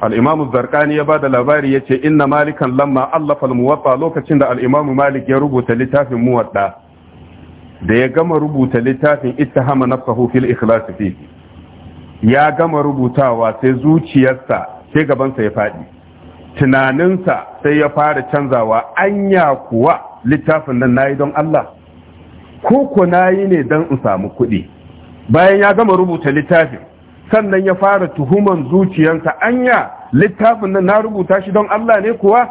al-imam zarqani ya ba da labari ya yace inna malikan lamma allafa al-muwatta lokacin da al-imam Malik ya rubuta littafin muwatta da ya gama rubuta littafin ittihama na fil ikhlas fihi ya gama rubutawa sai zuciyarsa sai gabansa ya faɗi tunaninsa sai ya fara canzawa anya kuwa littafin nan nayi don Allah ko ko nayi ne don in samu kuɗi bayan ya gama rubuta littafin sannan ya fara tuhuman zuciyarsa anya littafin nan na rubuta shi don Allah ne kuwa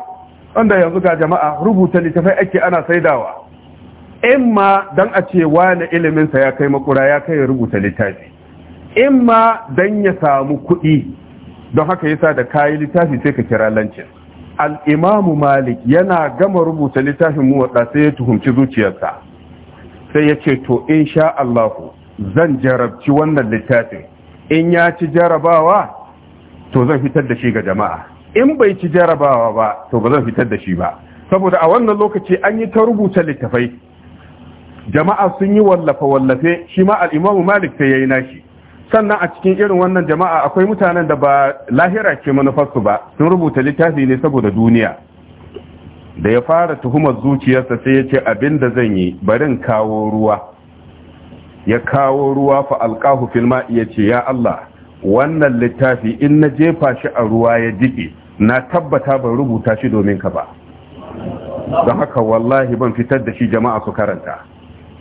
wanda yanzu ga jama'a rubuta littafai ake ana saidawa In ma don a ce wani iliminsa ya kai makura ya kai rubuta littafi In ma don ya samu kuɗi don haka yasa da kayi littafi sai ka kira lancin al'imamu malik yana gama rubuta littafin muwaɗa sai ya tuhumci zuciyarsa sai ya ce to in sha Allahu zan jarabci wannan littafin in ya ci jarabawa to zan fitar da shi ga jama'a in bai ci jarabawa ba to ba zan fitar da shi ba saboda a wannan lokaci an yi ta rubuta littafai jama'a sun yi wallafe wallafe shi ma al malik sai ya yi nashi sannan a cikin irin wannan jama'a akwai mutanen da ba lahira ke manufarsu ba sun rubuta littafi ne saboda duniya da ya fara tuhumar zuciyarsa sai ya ce abin da zan yi barin kawo ruwa ya kawo ruwa fa alƙahu filma ya ce ya Allah wannan littafi in na jefa shi a ruwa ya jiɓe na tabbata ban rubuta shi domin ka ba don haka wallahi ban fitar da shi jama'a su karanta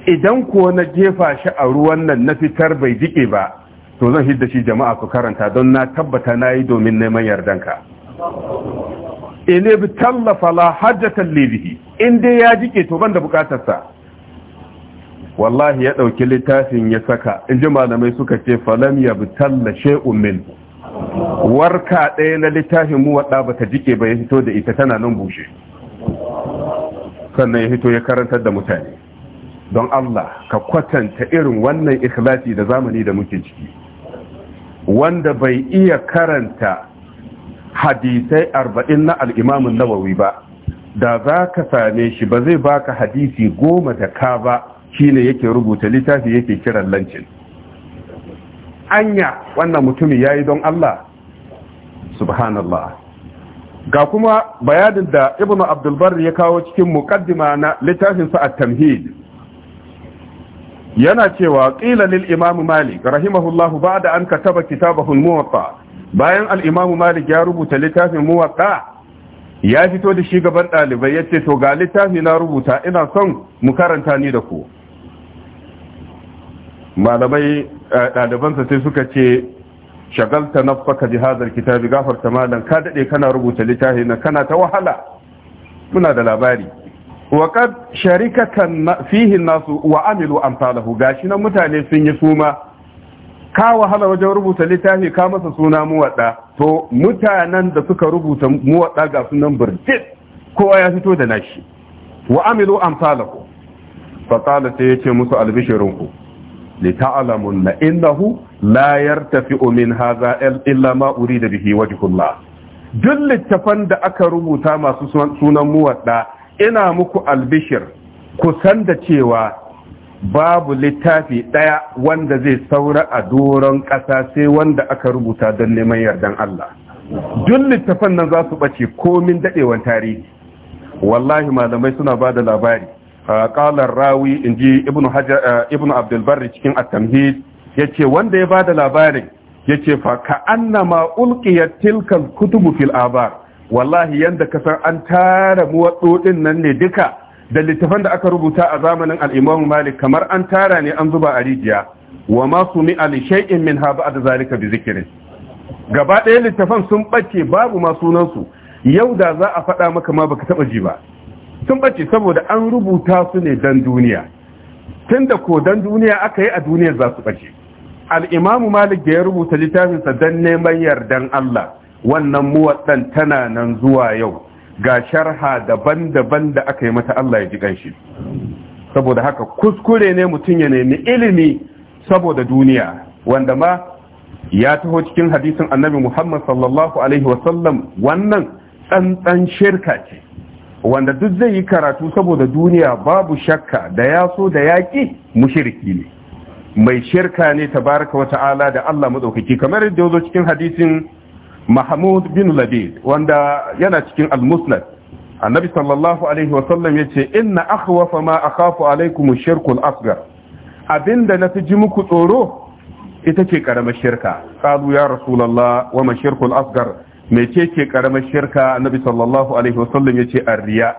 idan kuwa na jefa shi a ruwan nan na fitar bai jike ba to zan hidda shi jama'a ku karanta don na tabbata na yi domin neman yardanka ine bi tallafa la hajjatan in dai ya jike to ban da bukatarsa wallahi ya ɗauki littafin ya saka in ji malamai suka ce falam ya bi talla she'un warka ɗaya na littafin mu waɗa ba ta jike ba ya fito da ita tana nan bushe sannan ya fito ya karantar da mutane don Allah ka kwatanta irin wannan ikhlasi da zamani da muke ciki wanda bai iya karanta hadisai arba'in na al'imamun nawawi ba da za ka same shi ba zai baka hadisi goma da ka ba shine yake rubuta littafi yake kiran lancin anya wannan mutumin ya yi don Allah subhanallah ga kuma bayanin da ibnu abdulbar ya kawo cikin muqaddima na littafin a tamhid yana cewa ƙila lil imam malik rahimahullah da an kataba kitabahu al-muwatta bayan al malik ya rubuta littafin muwatta ya fito da shi gaban dalibai ce to ga littafi na rubuta ina son mu karanta ni da ku malamai eh, ɗalibansa sai suka ce shagalta nafsaka bi hadar kitabi gafarta malam ka daɗe kana rubuta littafi na kana ta wahala muna da labari وقد شركة فيه الناس وعملوا أمثاله قاشنا sun yi suma, ka wahala wajen rubuta littafi ka masa suna muwaɗa to mutanen da suka rubuta muwaɗa ga sunan birjit kowa ya fito da nashi wa amilu amsalahu fa sai yace musu albishirinku li ta'lamun la innahu la yartafi'u min hadha illa ma urida bihi wajhullah duk littafan da aka rubuta masu sunan muwaɗa ina muku albishir ku san da cewa babu littafi ɗaya wanda zai saura a doron ƙasa sai wanda aka rubuta don neman yardan Allah duk littafan nan za su ɓace komin daɗewan tarihi wallahi malamai suna ba da labari ƙalar rawi in ji ibn eh, abdulbarri cikin at ya ce wanda ya ba da labarin ya ce fa ka annama ulkiyar tilkan kutubu fil abar wallahi yanda ka san an tara muwaddodin nan ne duka da littafan da aka rubuta a zamanin al-Imam Malik kamar an tara ne an zuba a rijiya wa ma sumi al shay'in min ha ba'da zalika bi zikri gaba ɗaya littafan sun bace babu ma sunan su yau da za a faɗa maka ma baka taba ji ba sun bace saboda an rubuta su ne dan duniya tunda ko dan duniya aka yi a duniya za su bace al-Imam Malik da ya rubuta littafin sa dan neman yardan Allah wannan muwaddan tana nan zuwa yau ga sharha daban-daban da aka yi mata Allah ya ji ganshi saboda haka kuskure ne mutum ya nemi ilimi saboda duniya wanda ma ya taho cikin hadisin annabi Muhammad sallallahu alaihi wasallam wannan tsantsan shirka ce wanda duk zai yi karatu saboda duniya babu shakka da ya so da yaƙi shirki ne mai shirka ne tabaraka wata'ala da Allah maɗaukaki. kamar yadda ya zo cikin hadisin mahmud bin labid wanda yana cikin al-musnad annabi sallallahu alaihi wasallam ya ce inna akhwafa ma akhafu alaikum shirkul asgar abinda na fi ji muku tsoro ita ce karamar shirka qalu ya rasulullah wa ma shirkul asgar me ce karamar shirka annabi sallallahu alaihi sallam ya ce riya?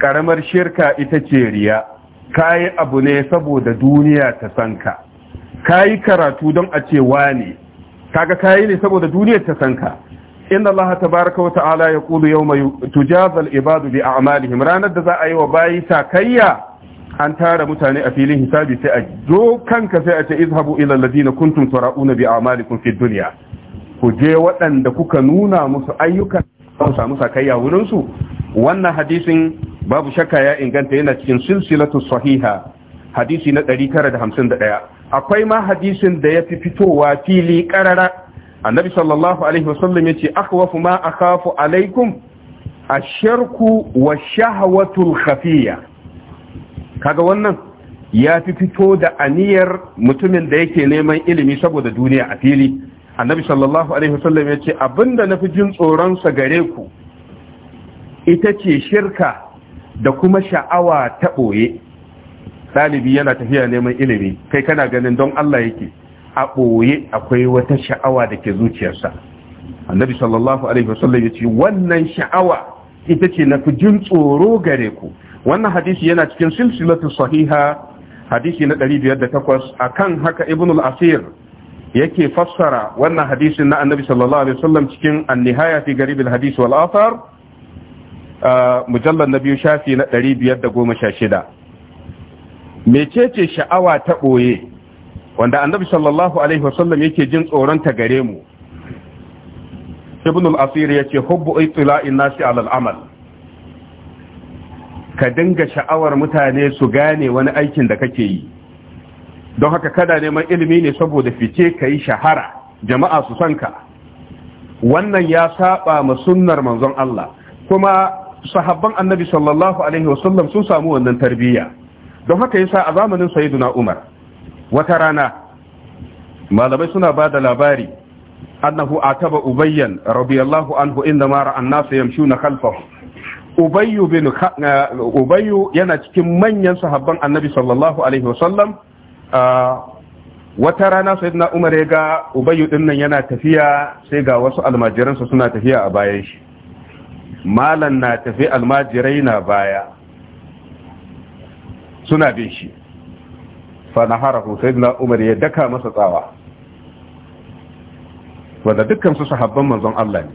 karamar shirka ita ce riya kayi abu ne saboda duniya ta sanka kayi karatu don a ce ne. kaga kayi ne saboda duniyar ta san ka inna Allah tabaraka wa ta'ala yaqulu yau mai al-ibadu bi a'malihim ranar da za a yi wa bayi sakayya an tara mutane a filin hisabi sai a jo kanka sai a ce izhabu ila alladhina kuntum tara'una bi a'malikum fi dunya ku je waɗanda kuka nuna musu ayyukan ku samu sakayya wurin su wannan hadisin babu shakka ya inganta yana cikin silsilatu sahiha hadisi na 951 akwai ma hadisin da ya fi fitowa fili karara annabi sallallahu alaihi wasallam ya ce akhwafu ma akhafu alaikum sharku wa shahawatul khafiya kaga wannan ya fi fito da aniyar mutumin da yake neman ilimi saboda duniya a fili annabi sallallahu alaihi wasallam ya ce abinda nafi jin tsoron sa gare ku ita ce shirka da kuma sha'awa ta ɓoye ɗalibi yana tafiya neman ilimi kai kana ganin don Allah yake a ɓoye akwai wata sha'awa da ke zuciyarsa annabi sallallahu alaihi wasallam ya ce wannan sha'awa ita ce na jin tsoro gare ku wannan hadisi yana cikin silsilatu sahiha hadisi na 508 akan haka ibn al-asir yake fassara wannan hadisin na annabi sallallahu alaihi wasallam cikin an-nihaya fi garib hadisi hadis wal athar mujallad na biyu shafi na 516 mecece sha'awa ta ɓoye wanda annabi sallallahu alaihi wasallam yake jin tsoron ta gare mu ibn al-asir yace hubbu itla'in nasi ala al-amal ka dinga sha'awar mutane su gane wani aikin da kake yi don haka kada neman ilimi ne saboda fice kai shahara jama'a su san ka wannan ya saba ma sunnar manzon Allah kuma sahabban annabi sallallahu alaihi wasallam sun samu wannan tarbiyya don haka yasa a zamanin sayyiduna umar wata rana malamai suna ba da labari annahu ataba ubayyan radiyallahu anhu inda mara annasu yamshu na ubayyu bin eh, ubayyu yana cikin manyan sahabban annabi sallallahu alaihi wasallam ah, wata rana sayyidina umar ya ga ubayyu din nan yana tafiya sai ga wasu almajiransa suna tafiya a bayan shi malan na tafi almajirai na baya suna bin shi fa sai na umar ya daka masa tsawa wanda dukkan su sahabban manzon Allah ne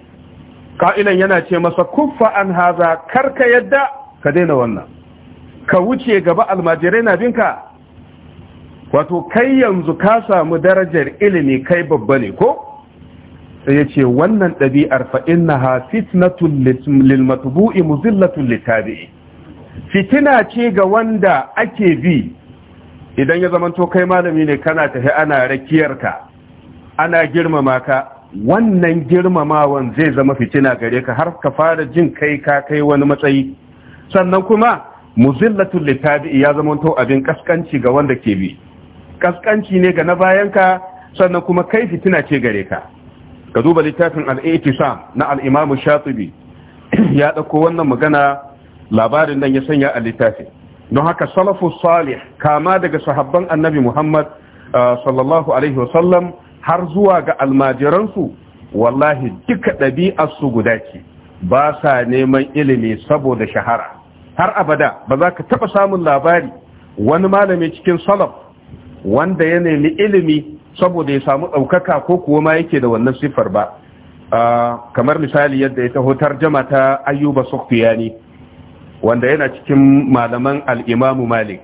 ka'ilan yana ce masa kuffa an haza karka yadda ka daina wannan ka wuce gaba almajirai na binka wato kai yanzu ka samu darajar ilimi kai babba ne ko sai ya ce wannan ɗabi'ar fa'in na ha fitnatun lilmatubu'i muzillatun littabi'i fitina ce ga wanda ake bi idan ya zamanto kai malami ne kana tafi ana rakiyarka ana girmama ka wannan girmamawan zai zama fitina gare ka har ka fara jin kai ka kai wani matsayi sannan kuma muzillatul litabi ya zamanto abin kaskanci ga wanda ke bi kaskanci ne ga na bayanka sannan kuma kai fitina ce gare ka ka duba littafin al-i'tisam na al-imam shatibi ya dauko wannan magana labarin nan ya sanya a littafi don haka salafu salih kama daga sahabban annabi muhammad uh, sallallahu alaihi wasallam har zuwa ga almajiransu wallahi duka ɗabi'arsu guda ce ba sa neman ilimi saboda shahara har abada ba za ka taɓa samun labari wani malami cikin salaf wanda ya nemi ilimi saboda ya samu ɗaukaka ko kuwa ma yake da wannan siffar ba uh, kamar misali yadda ya taho tarjama ta ayyuba sufiyani wanda yana cikin malaman al'imamu malik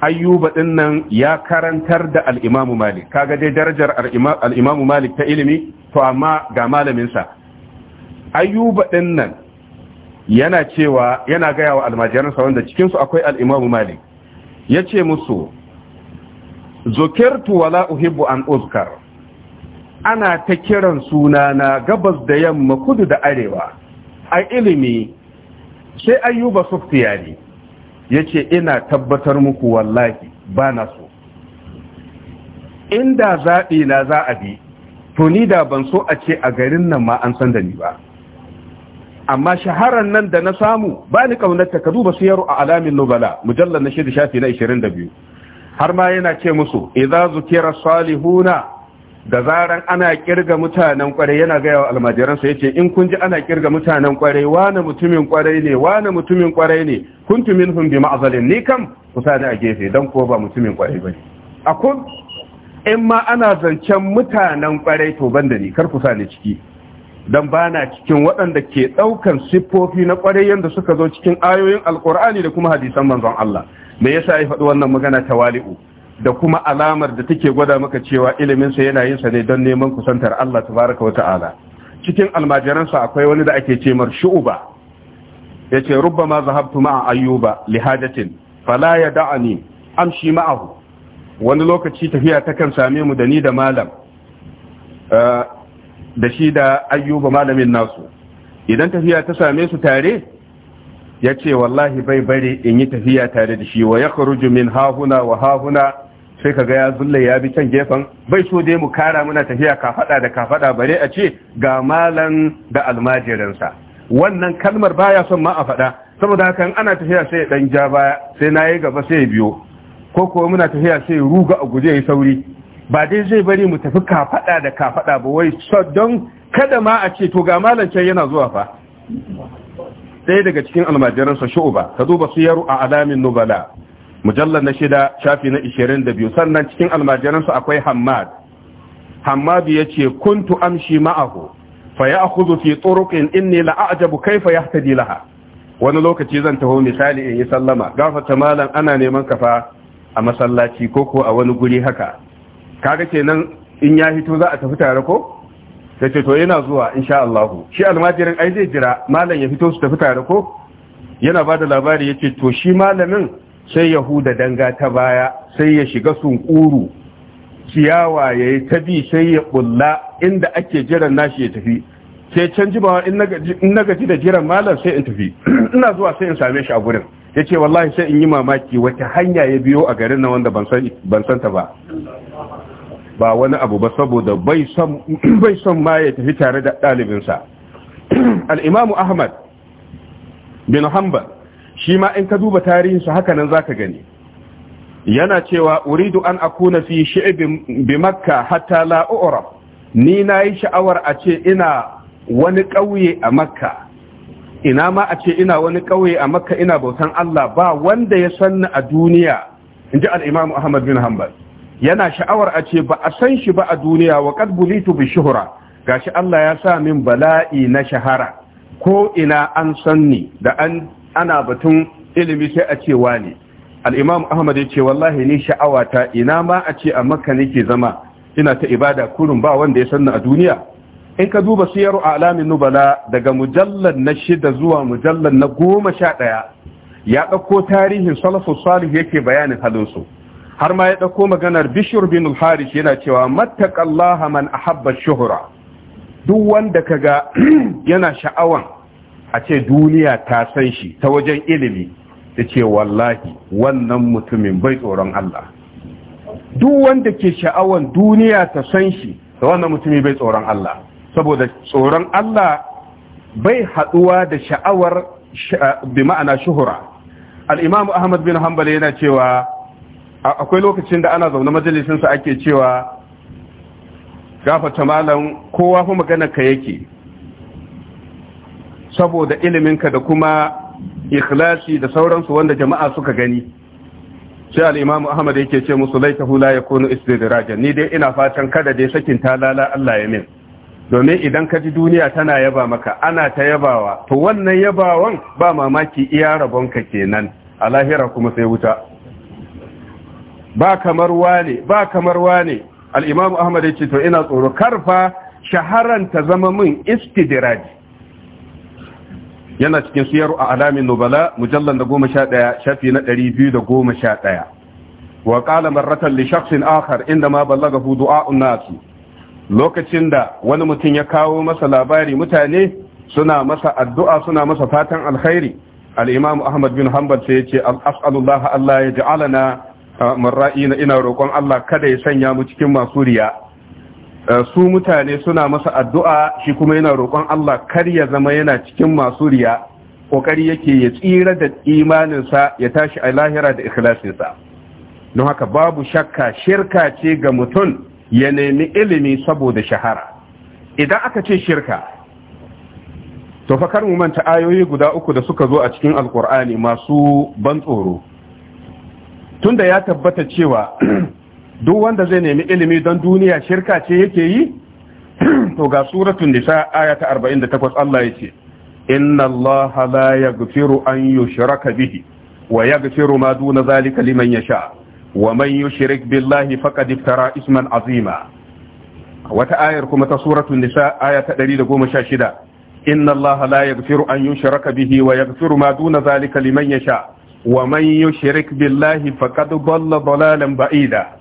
ayyuba ɗinnan ya karantar da al'imamu malik kaga dai darajar al'imamu malik ta ilimi to amma ga malaminsa ayyuba ɗinnan yana cewa yana gaya wa almajiransa wanda cikinsu akwai al'imamu malik ya ce musu zukirtu wala uhibbu an uzkar ana ta kiran sunana gabas da yamma kudu da arewa a ilimi sai ayyuba suftiyani ya ce ina tabbatar muku wallahi ba na so inda zaɓi na za a bi to ni da ban so a ce a garin nan ma an san da ni ba amma shaharar nan da na samu ba ni ƙaunarta ka duba yaro a alamin nubala mujallar na shida shafi na 22 har ma yana ce musu idza zukira salihuna da zaran ana kirga mutanen kwarai yana gaya wa almajiransa ya ce in kun ji ana kirga mutanen kwarai wane mutumin kwarai ne wane mutumin kwarai ne kun tumin hun bi ma'azalin ni kam kusa da a gefe don ko ba mutumin kwarai ba ne a kun in ma ana zancen mutanen kwarai to ban da ni kar kusa ni ciki don ba na cikin waɗanda ke ɗaukar siffofi na kwarai yadda suka zo cikin ayoyin alkur'ani da kuma hadisan manzon Allah me yasa ya faɗi wannan magana ta wali'u. da kuma alamar da take gwada maka cewa iliminsa yana yin sa ne don neman kusantar Allah tabaraka wa ta'ala cikin almajiransa akwai wani da ake ce mar shu'uba yace rubbama zahabtu ma'a ayyuba lihadatin fala da'ani. amshi ma'ahu wani lokaci tafiya ta kan same mu da ni da malam uh, da shi da ayyuba malamin nasu idan tafiya ta same su tare ya ce wallahi bai bari in yi tafiya tare da shi wa ya min hahuna wa hahuna sai kaga ya zulle ya bi can gefen bai so dai mu kara muna tafiya kafada da kafaɗa bare a ce ga malan da almajiransa wannan kalmar baya son ma a faɗa saboda haka ana tafiya sai dan ja baya sai nayi gaba sai biyo ko kuwa muna tafiya sai ruga a guje ya sauri ba dai zai bari mu tafi fada da kafaɗa ba wai don kada ma a ce to ga malan can yana zuwa fa ɗaya daga cikin almajiransa shu'uba ka duba su a alamin nubala mujallar na shida shafi na ishirin da biyu sannan cikin almajiransu akwai hammad hammad ya ce kuntu amshi ma'ahu fa ya akuzu fi turuqin inni la'ajabu kaifa yahtadi laha wani lokaci zan taho misali in yi sallama gafata malam ana neman kafa a masallaci ko ko a wani guri haka kaga kenan in ya hito za a tafi tare ko ta ce to yana zuwa insha Allah shi almajirin ai zai jira malam ya fito su tafi tare ko yana ba da labari ya ce to shi malamin sai ya huda danga ta baya sai ya shiga sunkuru ciyawa ya yi ta bi sai ya bulla inda ake jiran nashi ya tafi sai can in na gaji da jiran malam sai in tafi ina zuwa sai in same shi a gurin ya ce wallahi sai in yi mamaki wata hanya ya biyo a garin nan wanda ban santa ba ba wani abu ba saboda bai son ma ya tafi tare da ɗalibinsa al'imamu ahmad bin hanbal shi ma in ka duba tarihin su haka nan zaka gani yana cewa uridu an akuna fi shi'bin bi makka hatta la Ni ni yi sha'awar a ce ina wani ƙauye a makka ina ma a ce ina wani ƙauye a makka ina bautan Allah ba wanda ya sanni a duniya in ji al'imamu Ahmad bin Hanbal yana sha'awar a ce ba a san shi ba a duniya wa kad bulitu bi shuhura gashi Allah ya sa min bala'i na shahara ko ina an sanni da an ana batun ilimi sai a ce wani al'imam ahmad ya ce wallahi ni sha'awata ina ma a ce a makka nake zama ina ta ibada kurin ba wanda ya sannu a duniya in ka duba siyar alamin nubala daga mujallar na shida zuwa mujallar na goma sha ɗaya ya ɗauko tarihin salafu salih yake bayanin halinsu har ma ya ɗauko maganar bishir bin harish yana cewa mattaqallaha man ahabba shuhura duk wanda ka ga yana sha'awan a ce duniya ta san shi ta wajen ilimi da ce wallahi wannan mutumin bai tsoron Allah duk wanda ke sha'awan duniya ta san shi da wannan mutumi bai tsoron Allah saboda tsoron Allah bai haɗuwa da sha'awar bi ma'ana shuhura al-imam Ahmad bin Hanbal yana cewa akwai lokacin da ana zaune majalisinsa sa ake cewa gafata malam kowa fa magana ka yake saboda iliminka da kuma ikhlasi da sauransu wanda jama'a suka gani sai al-imamu ahmad yake ce musu laita hula ya kunu istidrajan ni dai ina fatan kada dai sakin talala Allah ya min domin idan ka ji duniya tana yaba maka ana ta yabawa to wannan yabawan ba mamaki iya rabon rabonka kenan a lahira kuma sai wuta ba kamar wane ba kamar wane al-imamu ahmad ya to ina tsoro karfa shaharan ta zama min istidraji yana cikin siyaru a alamin nubala mujallar da goma sha ɗaya shafi na ɗari biyu da goma sha ɗaya wa ƙala marratan li shakhsin akhar inda ma ballaga hudu a nasi lokacin da wani mutum ya kawo masa labari mutane suna masa addu'a suna masa fatan alkhairi al-imam ahmad bin hanbal sai yace as'alullah Allah ya ja'alana ah, marra'ina ina roƙon Allah kada ya sanya mu cikin masu riya Eh, su mutane suna masa addu'a shi kuma yana roƙon Allah kar ya zama yana cikin masu riya ƙoƙari yake ya tsira da imaninsa ya tashi a lahira da ikhlasinsa don haka babu shakka shirka ce ga mutum ya nemi ilimi saboda shahara idan aka ce shirka to fa mu manta ayoyi guda uku da suka zo a cikin alkur'ani masu ban tsoro tunda ya tabbata cewa duk wanda zai nemi ilimi don duniya shirka ce yake yi to ga suratun nisa aya ta 48 Allah ya ce inna Allah la yaghfiru an yushraka bihi wa yaghfiru ma duna zalika liman yasha wa man yushrik billahi faqad iftara isman azima wata ayar kuma ta suratun nisa aya ta 116 inna Allah la yaghfiru an yushraka bihi wa yaghfiru ma duna zalika liman yasha wa man yushrik billahi faqad dhalla dhalalan ba'ida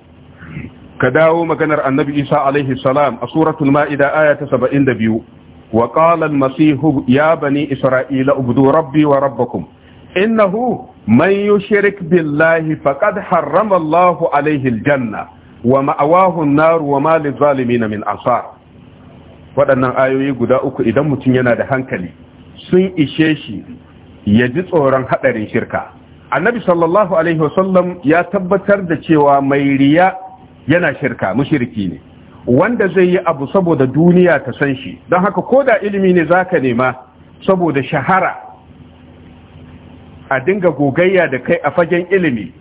ka dawo maganar annabi isa alaihi salam a suratul ma'ida aya ta 72 wa qala al-masih ya isra'ila ubudu rabbi wa rabbakum innahu man yushrik billahi faqad harrama Allahu alaihi al-janna wa ma'awahu an-nar wa ma lizalimin min ansar waɗannan ayoyi guda uku idan mutum yana da hankali sun ishe shi ya ji tsoron haɗarin shirka annabi sallallahu alaihi wasallam ya tabbatar da cewa mai riya yana shirka mushriki ne wanda zai yi abu saboda duniya ta san shi don haka ko da ilimi ne zaka nema saboda shahara a dinga gogayya da kai a fagen ilimi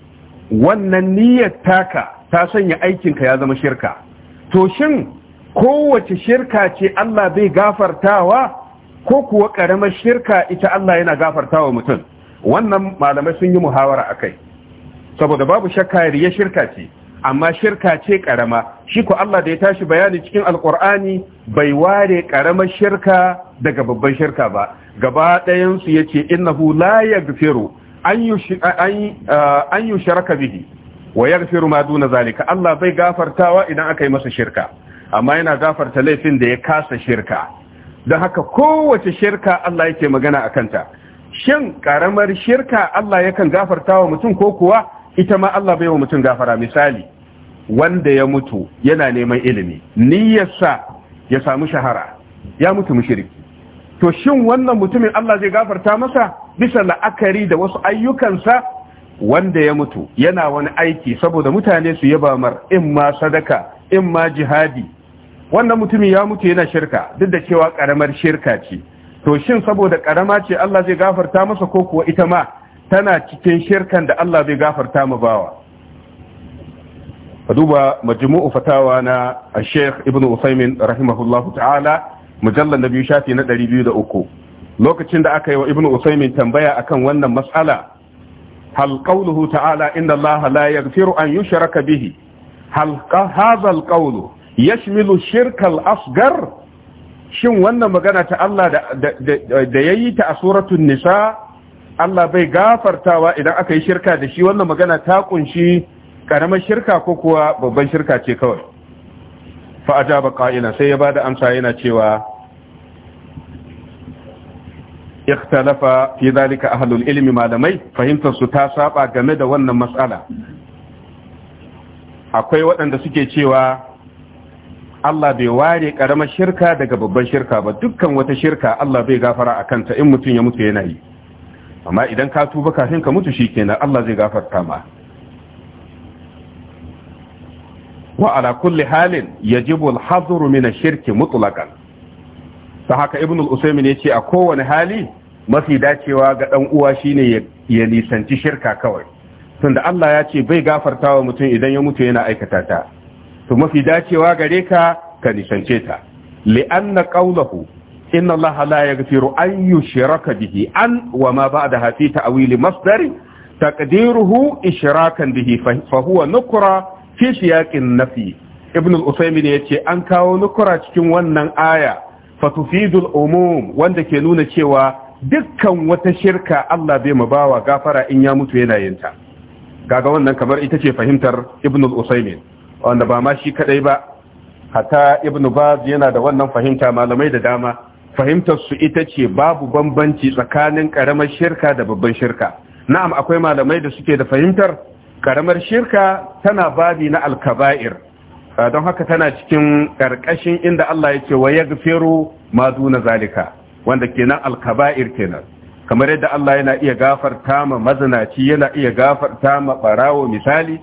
wannan niyyar taka ta sanya aikinka ya zama shirka to shin kowace shirka ce Allah zai gafartawa ko kuwa ƙaramar shirka ita Allah yana gafartawa mutum wannan malamai sun yi muhawara a kai saboda babu shakka ya shirka ce amma shirka ce karama shi ko Allah da ya tashi bayani cikin alkur'ani bai ware karamar shirka daga babban shirka ba gaba ɗayan su yace innahu la yaghfiru eh, an yushraka bihi wa yaghfiru ma duna zalika Allah bai gafartawa idan aka yi masa shirka amma yana gafarta laifin da ya kasa shirka don haka kowace shirka Allah yake magana a kanta shin karamar shirka Allah yakan gafarta wa mutum ko kuwa ita ma Allah bai wa mutum gafara misali wanda ya mutu yana neman ilimi niyyarsa ya samu shahara ya mutu mushriki to shin wannan mutumin Allah zai gafarta masa bisa la'akari da wasu ayyukansa wanda ya mutu yana wani aiki saboda mutane su yaba mar in ma sadaka in ma jihadi wannan mutumin ya mutu yana shirka duk da cewa karamar shirka ce to shin saboda karama ce Allah zai gafarta masa ko kuwa ita ma tana cikin shirkan da Allah zai gafarta mu bawa duba majmu'u fatawa na Sheikh Ibn usaimin rahimahullahu ta'ala mujallar na biyu shafi na 203 lokacin da aka yi wa Ibn usaimin tambaya akan wannan matsala. hal qawluhu ta'ala inna Allah la yaghfiru an yushraka bihi hal hadha al qawlu yashmilu shirka al asghar shin wannan magana ta Allah da yayi ta a suratul nisa Allah bai gafartawa idan aka yi shirka da shi wannan magana ta kunshi karamar shirka ko kuwa babban shirka ce kawai fa ajaba qa'ila sai ya bada amsa yana cewa ikhtalafa fi zalika ahlul ilmi malamai fahimtar su ta saba game da wannan matsala akwai waɗanda suke cewa Allah bai ware karamar shirka daga babban shirka ba dukkan wata shirka Allah bai gafara a kanta in mutum ya mutu yana yi amma idan ka tuba kafin ka mutu shikenan Allah zai gafarta ma wa ala kulli halin yajibu al-hazru min ash-shirki mutlaqan ta haka ibn al-usaymin yace a kowane hali mafi dacewa ga dan uwa shine ya nisanci shirka kawai tunda Allah ya ce bai gafartawa mutum idan ya mutu yana aikata ta to mafi dacewa gare ka ka nisance ta li'anna qawluhu inna allaha la yaghfiru an yushraka bihi an wa ma ba'daha fi ta'wil masdar taqdiruhu ishrakan bihi fa huwa nukra fi siyaqin nafi ibn al-usaymin yace an kawo nukura cikin wannan aya fa tufidul wanda ke nuna cewa dukkan wata shirka Allah bai mu bawa gafara in ya mutu yana yinta kaga wannan kamar ita ce fahimtar ibn al-usaymin wanda ba ma shi kadai ba Hata ibn baz yana da wannan fahimta malamai da dama fahimtar su ita ce babu bambanci tsakanin karamar shirka da babban shirka na'am akwai malamai da suke da fahimtar karamar shirka tana babi na alkaba'ir ah, don haka tana cikin karkashin inda Allah ya ce wa yaghfiru ma duna zalika wanda kenan alkaba'ir kenan kamar yadda Allah yana iya gafarta ma mazinaci yana iya gafarta ma barawo misali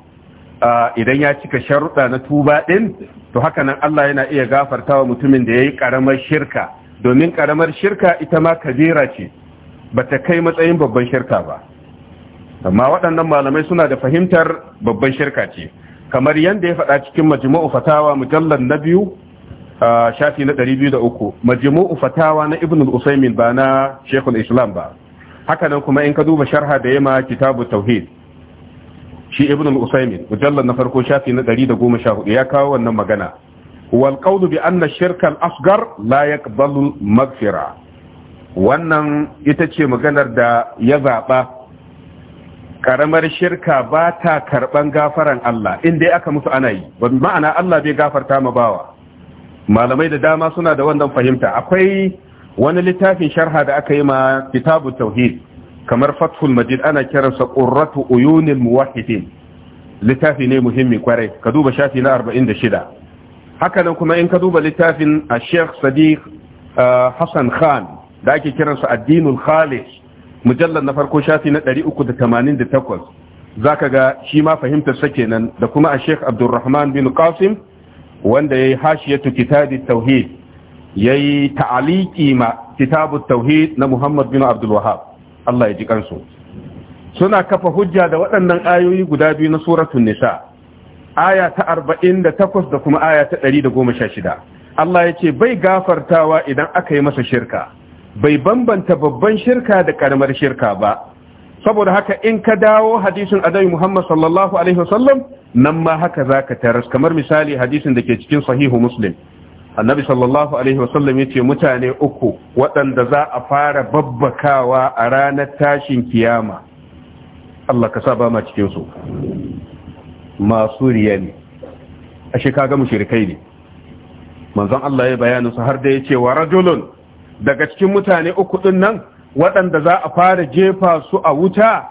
ah, idan ya cika sharuɗa na tuba din to haka nan Allah yana iya gafarta wa mutumin da ya yi ƙaramar shirka domin karamar shirka ita ma kabira ce ba ta kai matsayin babban shirka ba amma waɗannan malamai suna da fahimtar babban shirka ce kamar yadda ya faɗa cikin majmu'u fatawa mujallar na biyu shafi na 203 majmu'u fatawa na ibn al-usaymin ba na shekul islam ba haka nan kuma in ka duba sharha da yama kitabu tauhid shi ibn al-usaymin mujallar na farko shafi na 114 ya kawo wannan magana والقول qawlu bi anna لا يقبل asghar wannan ita ce maganar da ya zaɓa. Ƙaramar shirka ba ta karban gafaran Allah inda aka musu ana yi ba ma'ana Allah bai gafarta ma bawa malamai da dama suna da wannan fahimta akwai wani littafin sharha da aka yi ma kitabu tauhid kamar fathul majid ana kiransa qurratu uyunil muwahhidin littafi ne muhimmi kwarai ka duba shafi na 46 haka nan kuma in ka duba littafin a uh, sheikh sadiq uh, hassan khan da ake kiransa addinul khalis mujallar na farko shafi na 388 za ka ga shi ma fahimtar sa kenan da kuma a sheikh abdulrahman bin qasim wanda ya yi hashiyatu kitabi tauhid ya yi ta'aliki ma kitabu tauhid na muhammad bin abdulwahab allah ya ji kansu suna kafa hujja da waɗannan ayoyi guda biyu na suratun nisa aya ta arba'in da takwas da kuma aya ta ɗari da sha shida. Allah ya ce bai gafartawa idan aka yi masa shirka bai bambanta babban shirka da karamar shirka ba saboda haka in ka dawo hadisin adai Muhammad sallallahu alaihi wasallam nan ma haka zaka taras kamar misali hadisin da ke cikin sahihu muslim annabi sallallahu alaihi wasallam yace mutane uku waɗanda za a fara babbakawa a ranar tashin kiyama Allah ka sa ba ma cikin su masu riya ne ashe kaga mushirikai ne manzon Allah ya bayanin su har da ya wa rajulun daga cikin mutane uku din nan waɗanda za a fara jefa su a wuta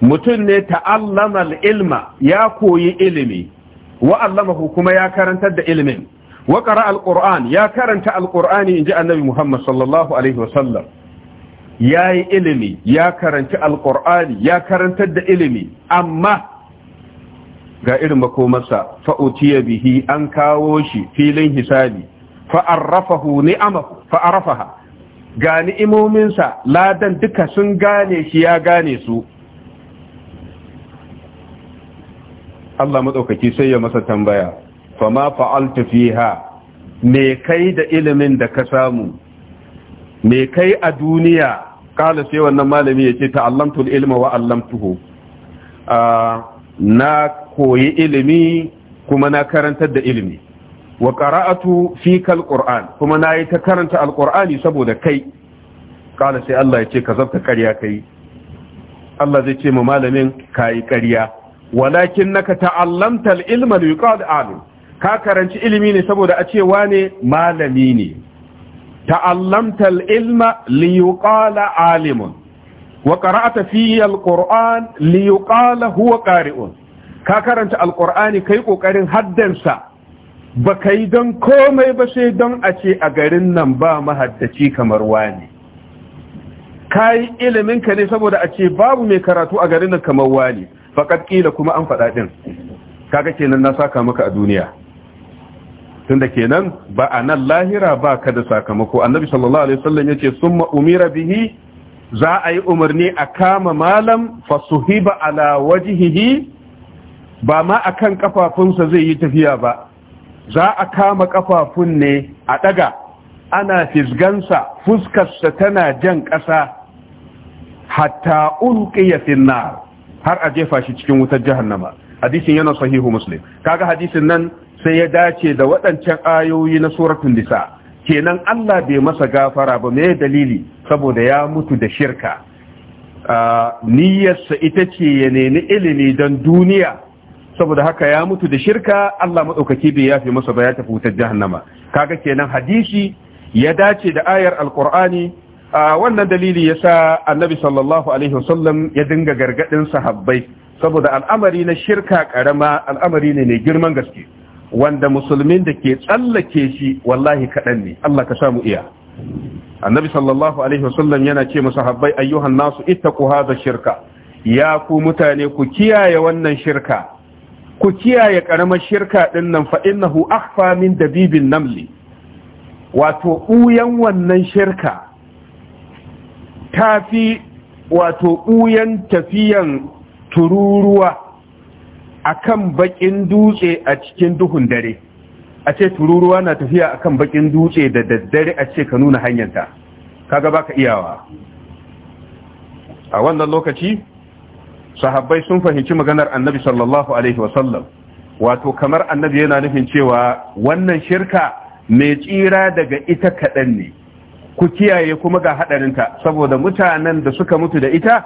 mutum ne ta'allama ilma ya koyi ilimi wa kuma ya karantar da ilimin wa qara al-qur'an ya karanta al inji annabi Muhammad sallallahu alaihi wa sallam yayi ilimi ya karanta al ya karantar da ilimi amma ga irin makomarsa fa'utiya bihi an kawo shi filin hisabi fa'arrafahu ni'amahu fa'arrafaha ga ni'imominsa ladan duka sun gane shi ya gane su Allah maɗaukaki sai ya masa tambaya Fa ma fa'altu fiha me kai da ilimin da ka samu me kai a duniya kala sai wannan malami ya ce ta'allamtul ilma wa allamtuhu ah, na koyi ilimi kuma na karantar da ilimi wa qara'atu fika kuma na yi ta karanta alqurani saboda kai kala sai Allah ya ce ka zabta ƙarya kai Allah zai ce ma malamin kayi ƙarya walakin naka ta'allamta al-ilma li alim ka karanci ilimi ne saboda a cewa ne malami ne ta'allamta al-ilma li yuqala alimun wa qara'ata fi al-qur'an li yuqala huwa qari'un ka karanta alkur'ani kai kokarin haddansa ba ka yi don komai ba sai don a ce a garin nan ba mahaddaci kamar wani ka yi iliminka ne saboda a ce babu mai karatu a garin nan kamar wani faƙat ƙila kuma an faɗa ɗin kaga kenan na saka maka a duniya tunda kenan ba a nan lahira ba ka da sakamako annabi sallallahu alaihi wasallam yace summa umira bihi za a yi umarni a kama malam fasuhiba ala wajhihi ba ma a kan kafafunsa zai yi tafiya ba za a kama kafafun ne a ɗaga, ana fisgansa fuskarsa tana jan ƙasa hatta ulqiya fin na, har a jefa shi cikin wutar jahannama hadisin yana sahihu muslim kaga hadisin nan sai ya dace da waɗancan ayoyi na suratul nisa kenan Allah bai masa gafara ba me dalili saboda ya mutu da shirka ah, niyyarsa ita ce ya nemi ilimi don duniya saboda haka ya mutu da shirka Allah maɗaukaki bai yafe masa ba ya tafi wutar jahannama kaga kenan hadisi ya dace da ayar alqur'ani wannan dalili yasa annabi sallallahu alaihi wasallam ya dinga gargadin sahabbai saboda al'amari na shirka karama al'amari ne mai girman gaske wanda musulmin da ke tsallake shi wallahi kaɗan ne Allah ka samu iya annabi sallallahu alaihi wasallam yana ce sahabbai ayyuhan nasu ittaqu hadha shirka ya ku mutane ku kiyaye wannan shirka ku kiyaye karamar shirka din nan fa innahu akhfa min dabibin namli wato uyan wannan shirka tafi wato uyan tafiyan tururuwa akan baƙin dutse a cikin duhun dare a ce tururuwa na tafiya akan bakin dutse da daddare a ce ka nuna hanyarta kaga baka iyawa a wannan lokaci sahabbai sun fahimci maganar annabi sallallahu alaihi wasallam wato kamar annabi yana nufin cewa wannan shirka mai tsira daga ita kaɗan ne ku kiyaye kuma ga haɗarinta saboda mutanen da suka mutu da ita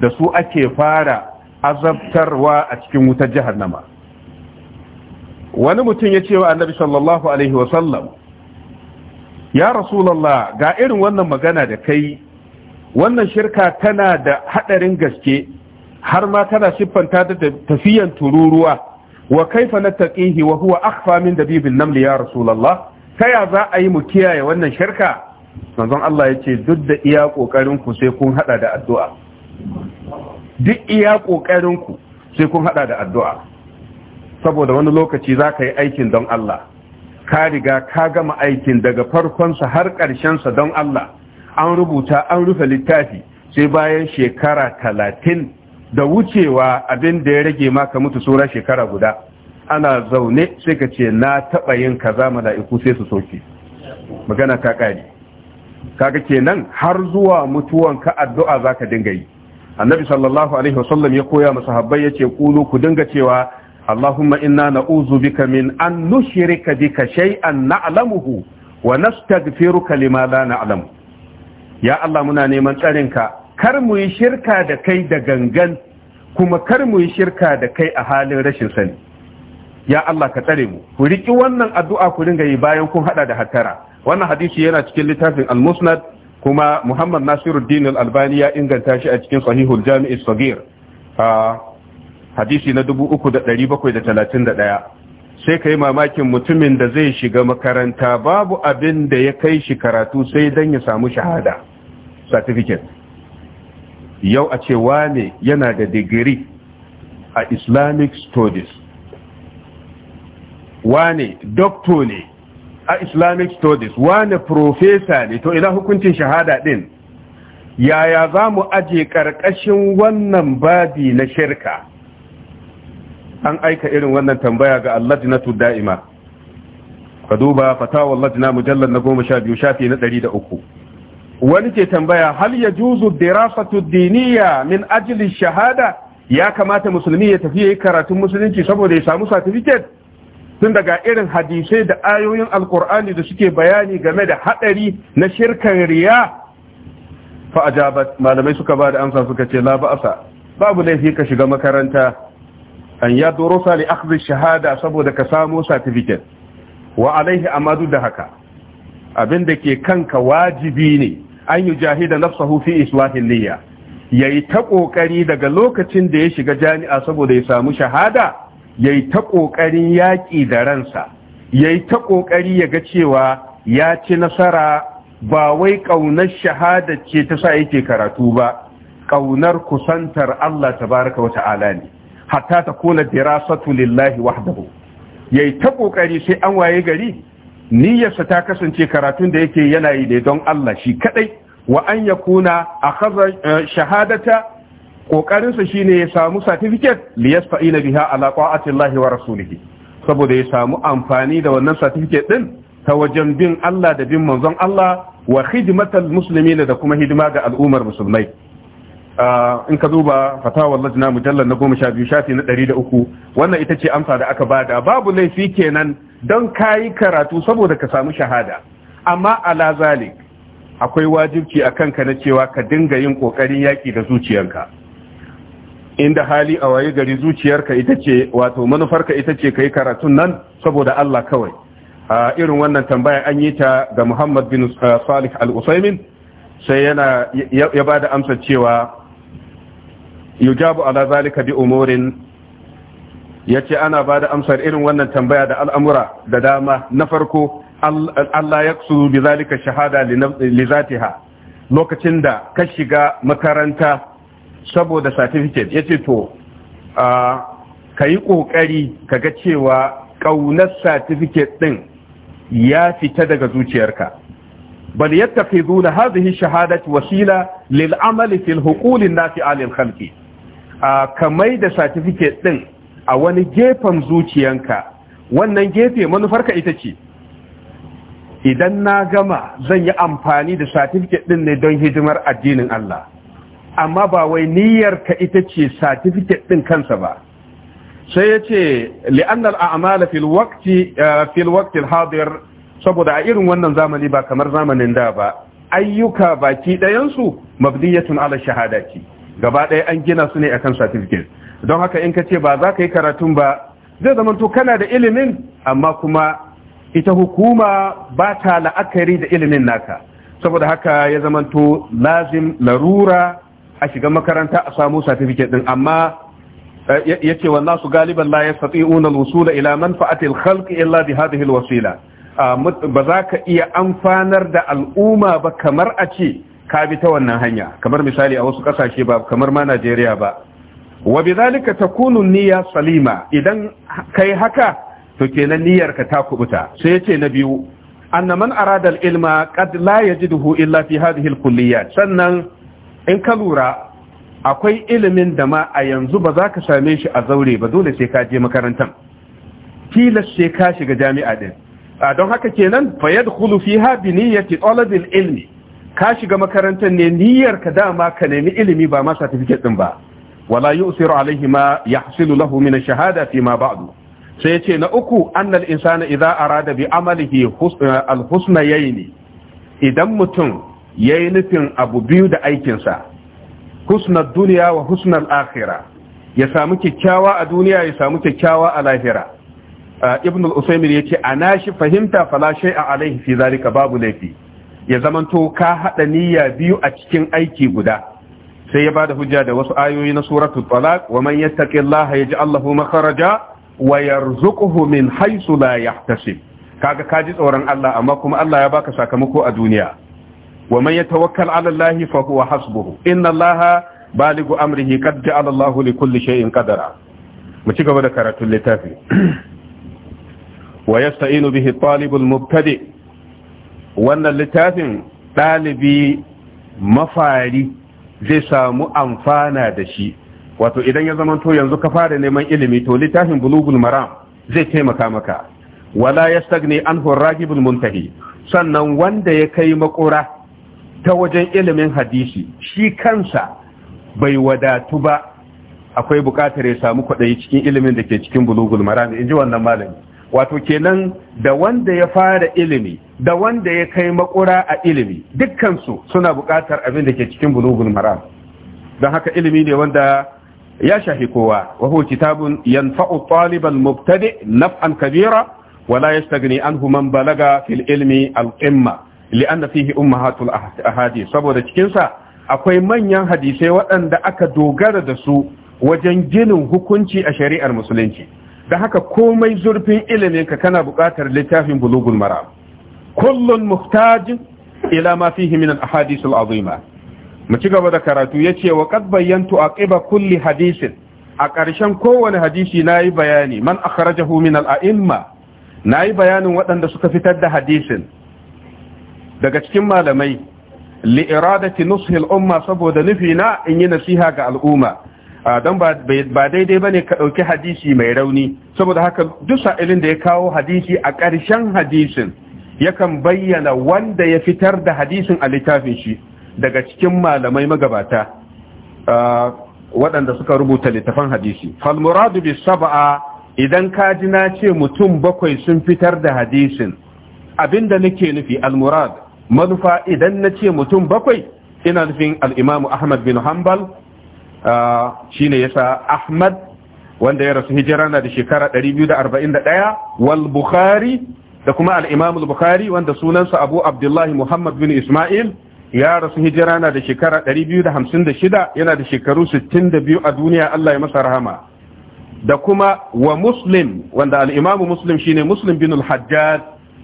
da su ake fara azabtarwa a cikin wutar jahannama wani mutum ya ce wa annabi sallallahu alaihi wasallam ya rasulallah ga irin wannan magana da kai wannan shirka tana da haɗarin gaske har ma tana siffanta da tafiyan tururuwa wa kaifa nattaqihi wa huwa akhfa min dabibil naml ya rasulullah ta ya za a yi mu kiyaye wannan shirka manzon Allah ya ce duk da iya kokarin ku sai kun hada da addu'a duk iya kokarin ku sai kun hada da addu'a saboda wani lokaci za ka yi aikin don Allah ka riga ka gama aikin daga farkonsa har ƙarshensa don Allah an rubuta an rufe littafi sai bayan shekara talatin da wucewa abin da ya rage maka mutu sura shekara guda ana zaune sai ka ce na taɓa yin kaza mala'iku sai su soke magana ta ƙari kaga kenan har zuwa mutuwan ka addu'a zaka dinga yi annabi sallallahu alaihi wasallam ya koya masa habbai yace kulu ku dinga cewa allahumma inna na'uzu bika min an nushrika bika shay'an na'lamuhu wa nastaghfiruka lima la na'lam ya allah muna neman tsarin ka kar mu yi shirka da kai da gangan kuma kar mu yi shirka da kai a halin rashin sani ya Allah ka tsare mu ku riki wannan addu'a ku dinga yi bayan kun hada da hatara wannan hadisi yana cikin littafin al-musnad kuma Muhammad Nasiruddin al-Albani ya inganta shi a cikin Sahihul Jami' as-Saghir hadisi na 3731 sai kai mamakin mutumin da zai shiga makaranta babu abin da ya kai shi karatu sai dan ya samu shahada certificate yau a ce wane yana da digiri a islamic studies wane doctor ne a islamic studies wane profesa ne to ina hukuncin shahada din yaya za mu aje karkashin wannan babi na shirka an aika irin wannan tambaya ga allajinatu da'ima ka duba fatawar lajina mujallar na goma sha biyu shafi na ɗari da uku wani ke tambaya hal ya juzu dirasatu diniya min ajli shahada ya kamata musulmi ya tafi yayi karatun musulunci saboda ya samu certificate tun daga irin hadisai da ayoyin alkur'ani da suke bayani game da hadari na shirkan riya fa ajabat malamai suka ba da amsa suka ce la ba'asa babu laifi ka shiga makaranta an ya durusa li akhdhi shahada saboda ka samu certificate wa alaihi amadu da haka abin da ke kanka wajibi ne an yi jahida nafsahu fi islahin niyya ya yi ta ƙoƙari daga lokacin da ya shiga jami'a saboda ya samu shahada ya yi ta ƙoƙarin yaƙi da ransa ya yi ta ƙoƙari ya ga cewa ya ci nasara ba wai ƙaunar shahada ce ta sa yake karatu ba ƙaunar kusantar Allah tabaraka wa ta'ala ne hatta ta kona dirasatu lillahi wahdahu yayi ta ƙoƙari sai an waye gari niyyarsa ta kasance karatun da yake yana yi ne don Allah shi kadai wa an a akhadha eh, shahadata kokarinsa shine ya samu certificate li yasfa'ina biha ala ta'ati Allah wa rasulihi saboda ya samu amfani da wannan certificate din ta wajen bin Allah da bin manzon Allah wa khidmatal muslimina da kuma hidima ga al'ummar musulmai in ka zuba fatawar lajina mujallar na goma sha biyu shafi na ɗari da uku wannan ita ce amsa da aka bada babu laifi kenan don kayi karatu saboda ka samu shahada amma ala zalik akwai wajibci a kanka na cewa ka dinga yin ƙoƙarin yaƙi da zuciyarka inda hali a waye gari zuciyarka ita ce wato manufarka ita ce ka yi karatun nan saboda Allah kawai a irin wannan tambaya an yi ta ga Muhammad bin eh, Salih al-Usaimin sai yana ya ba da amsa cewa yujabu ala zalika bi umurin yace ana ba da amsar irin wannan tambaya da al'amura da dama na farko Allah ya bi zalika shahada li zatiha lokacin da ka shiga makaranta saboda certificate yace to ka yi ƙoƙari ka ga cewa ƙaunar certificate ɗin ya fita daga zuciyarka bal yattaqiduna hadhihi shahadati wasila lil amali fil huqulin nafi'a lil khalqi mai da certificate ɗin a wani gefen zuciyanka wannan gefe manufarka ita ce idan na gama zan yi amfani da certificate ɗin ne don hidimar addinin Allah amma ba wai niyyarka ita ce certificate ɗin kansa ba sai ya ce li'annal a'mala fil waqti eh, hadir saboda a irin wannan zamani ba kamar zamanin da ba ayyuka baki dayansu mabdiyatun ala shahadati gaba ɗaya an gina su ne a kan certificate don haka in ka ce ba za ka yi karatun ba zai zama to kana da ilimin amma kuma ita hukuma ba ta la'akari da ilimin naka saboda haka ya zama to lazim larura a shiga makaranta a samu certificate din amma eh, yace wannan su galiban la yastati'una al-wusul ila manfa'ati al illa bi hadhihi al-wasila ah, ba za ka iya amfanar da al'umma ba kamar a ce ka bi ta wannan hanya kamar misali a wasu kasashe ba kamar ma Najeriya ba wa bidhalika takunu niyya salima idan kai haka to kenan niyyarka ta kubuta sai yace na biyu anna man arada ilma qad la yajiduhu illa fi hadhihi al-kulliyat sannan in ka lura akwai ilimin da ma a yanzu ba za ka same shi a zaure ba dole sai ka je makarantar tilas sai ka shiga jami'a din don haka kenan fa yadkhulu fiha bi niyyati talab al-ilmi ka shiga makarantar ne niyyar ka dama ka nemi ilimi ba ma certificate din ba wala yusiru alaihi ma yahsilu lahu min shahada fi ma ba'du sai yace na uku annal insana idza arada bi amalihi eh, al yayi yayni idan mutum yayi nufin abu biyu da aikinsa husnad dunya wa husnal akhira ya samu kyakkyawa a duniya ya samu kyakkyawa a lahira eh, ibn al-usaymin yace ana shi fahimta fala shay'a alaihi fi zalika babu laifi ya zamanto ka haɗa niyya biyu a cikin aiki guda sai ya bada hujja da wasu ayoyi na suratul talaq wa man yattaqillaha yaj'al lahu makharaja wa yarzuquhu min haythu la yahtasib kaga ka ji tsoron Allah amma kuma Allah ya baka sakamako a duniya wa man yatawakkal 'ala Allah fa huwa hasbuhu inna Allah baligu amrihi qad ja'ala Allah li kulli shay'in qadara mu ci gaba da karatun littafi wa yasta'inu bihi talibul mubtadi' wannan littafin ɗalibi mafari zai samu amfana da shi wato idan ya zamanto yanzu ka fara neman ilimi to littafin bulugul maram zai taimaka maka wala ya stagni "An ragibul muntahi sannan wanda ya kai makura ta wajen ilimin hadisi shi kansa bai wadatu ba akwai bukatar ya samu kwaɗayi cikin ilimin da ke cikin bulugul maram in ji wannan malami wato kenan da wanda ya fara ilimi da wanda ya kai makura a ilimi dukkansu suna bukatar abin da ke cikin bulugul maram don haka ilimi ne wanda ya shahi kowa wa huwa kitabun yanfa'u taliban mubtadi naf'an kabira wa la yastaghni anhu man balaga fil ilmi al qimma li'anna fihi ummahatul ahadi saboda cikin sa akwai manyan hadisai waɗanda aka dogara da su wajen ginin hukunci a shari'ar musulunci da haka komai zurfin ilimin ka kana buƙatar littafin bulugul maram Kullum muhtajin ila ma fihi min al-ahadith al-azima mu ci gaba da karatu Ya ce wa qad bayantu aqiba kulli hadisin a ƙarshen kowane hadisi nayi bayani man akhrajahu min al-a'imma nayi bayanin waɗanda suka fitar da hadisin daga cikin malamai li iradati nushi al-umma saboda nufi na in yi nasiha ga al'umma don ba daidai ba ne ka ɗauki hadisi mai rauni saboda haka duk sa'ilin da ya kawo hadisi a ƙarshen hadisin yakan bayyana wanda ya fitar da hadisin a littafin shi daga cikin malamai magabata uh, waɗanda suka rubuta littafan hadisi falmuradu bi saba'a idan ka ji na ce mutum bakwai sun fitar da hadisin abinda nake nufi almurad manufa idan na ce mutum bakwai ina nufin al'imamu ahmad bin hanbal uh, shine yasa ahmad wanda ya rasu hijira na da shekara 241 wal bukhari da kuma al al-Bukhari wanda sunansa Abu Abdullahi Muhammad bin Isma'il ya rasu hijira na da shekara 256 yana da shekaru 62 a duniya Allah ya masa rahama da kuma wa Muslim wanda al-Imam Muslim shine Muslim bin al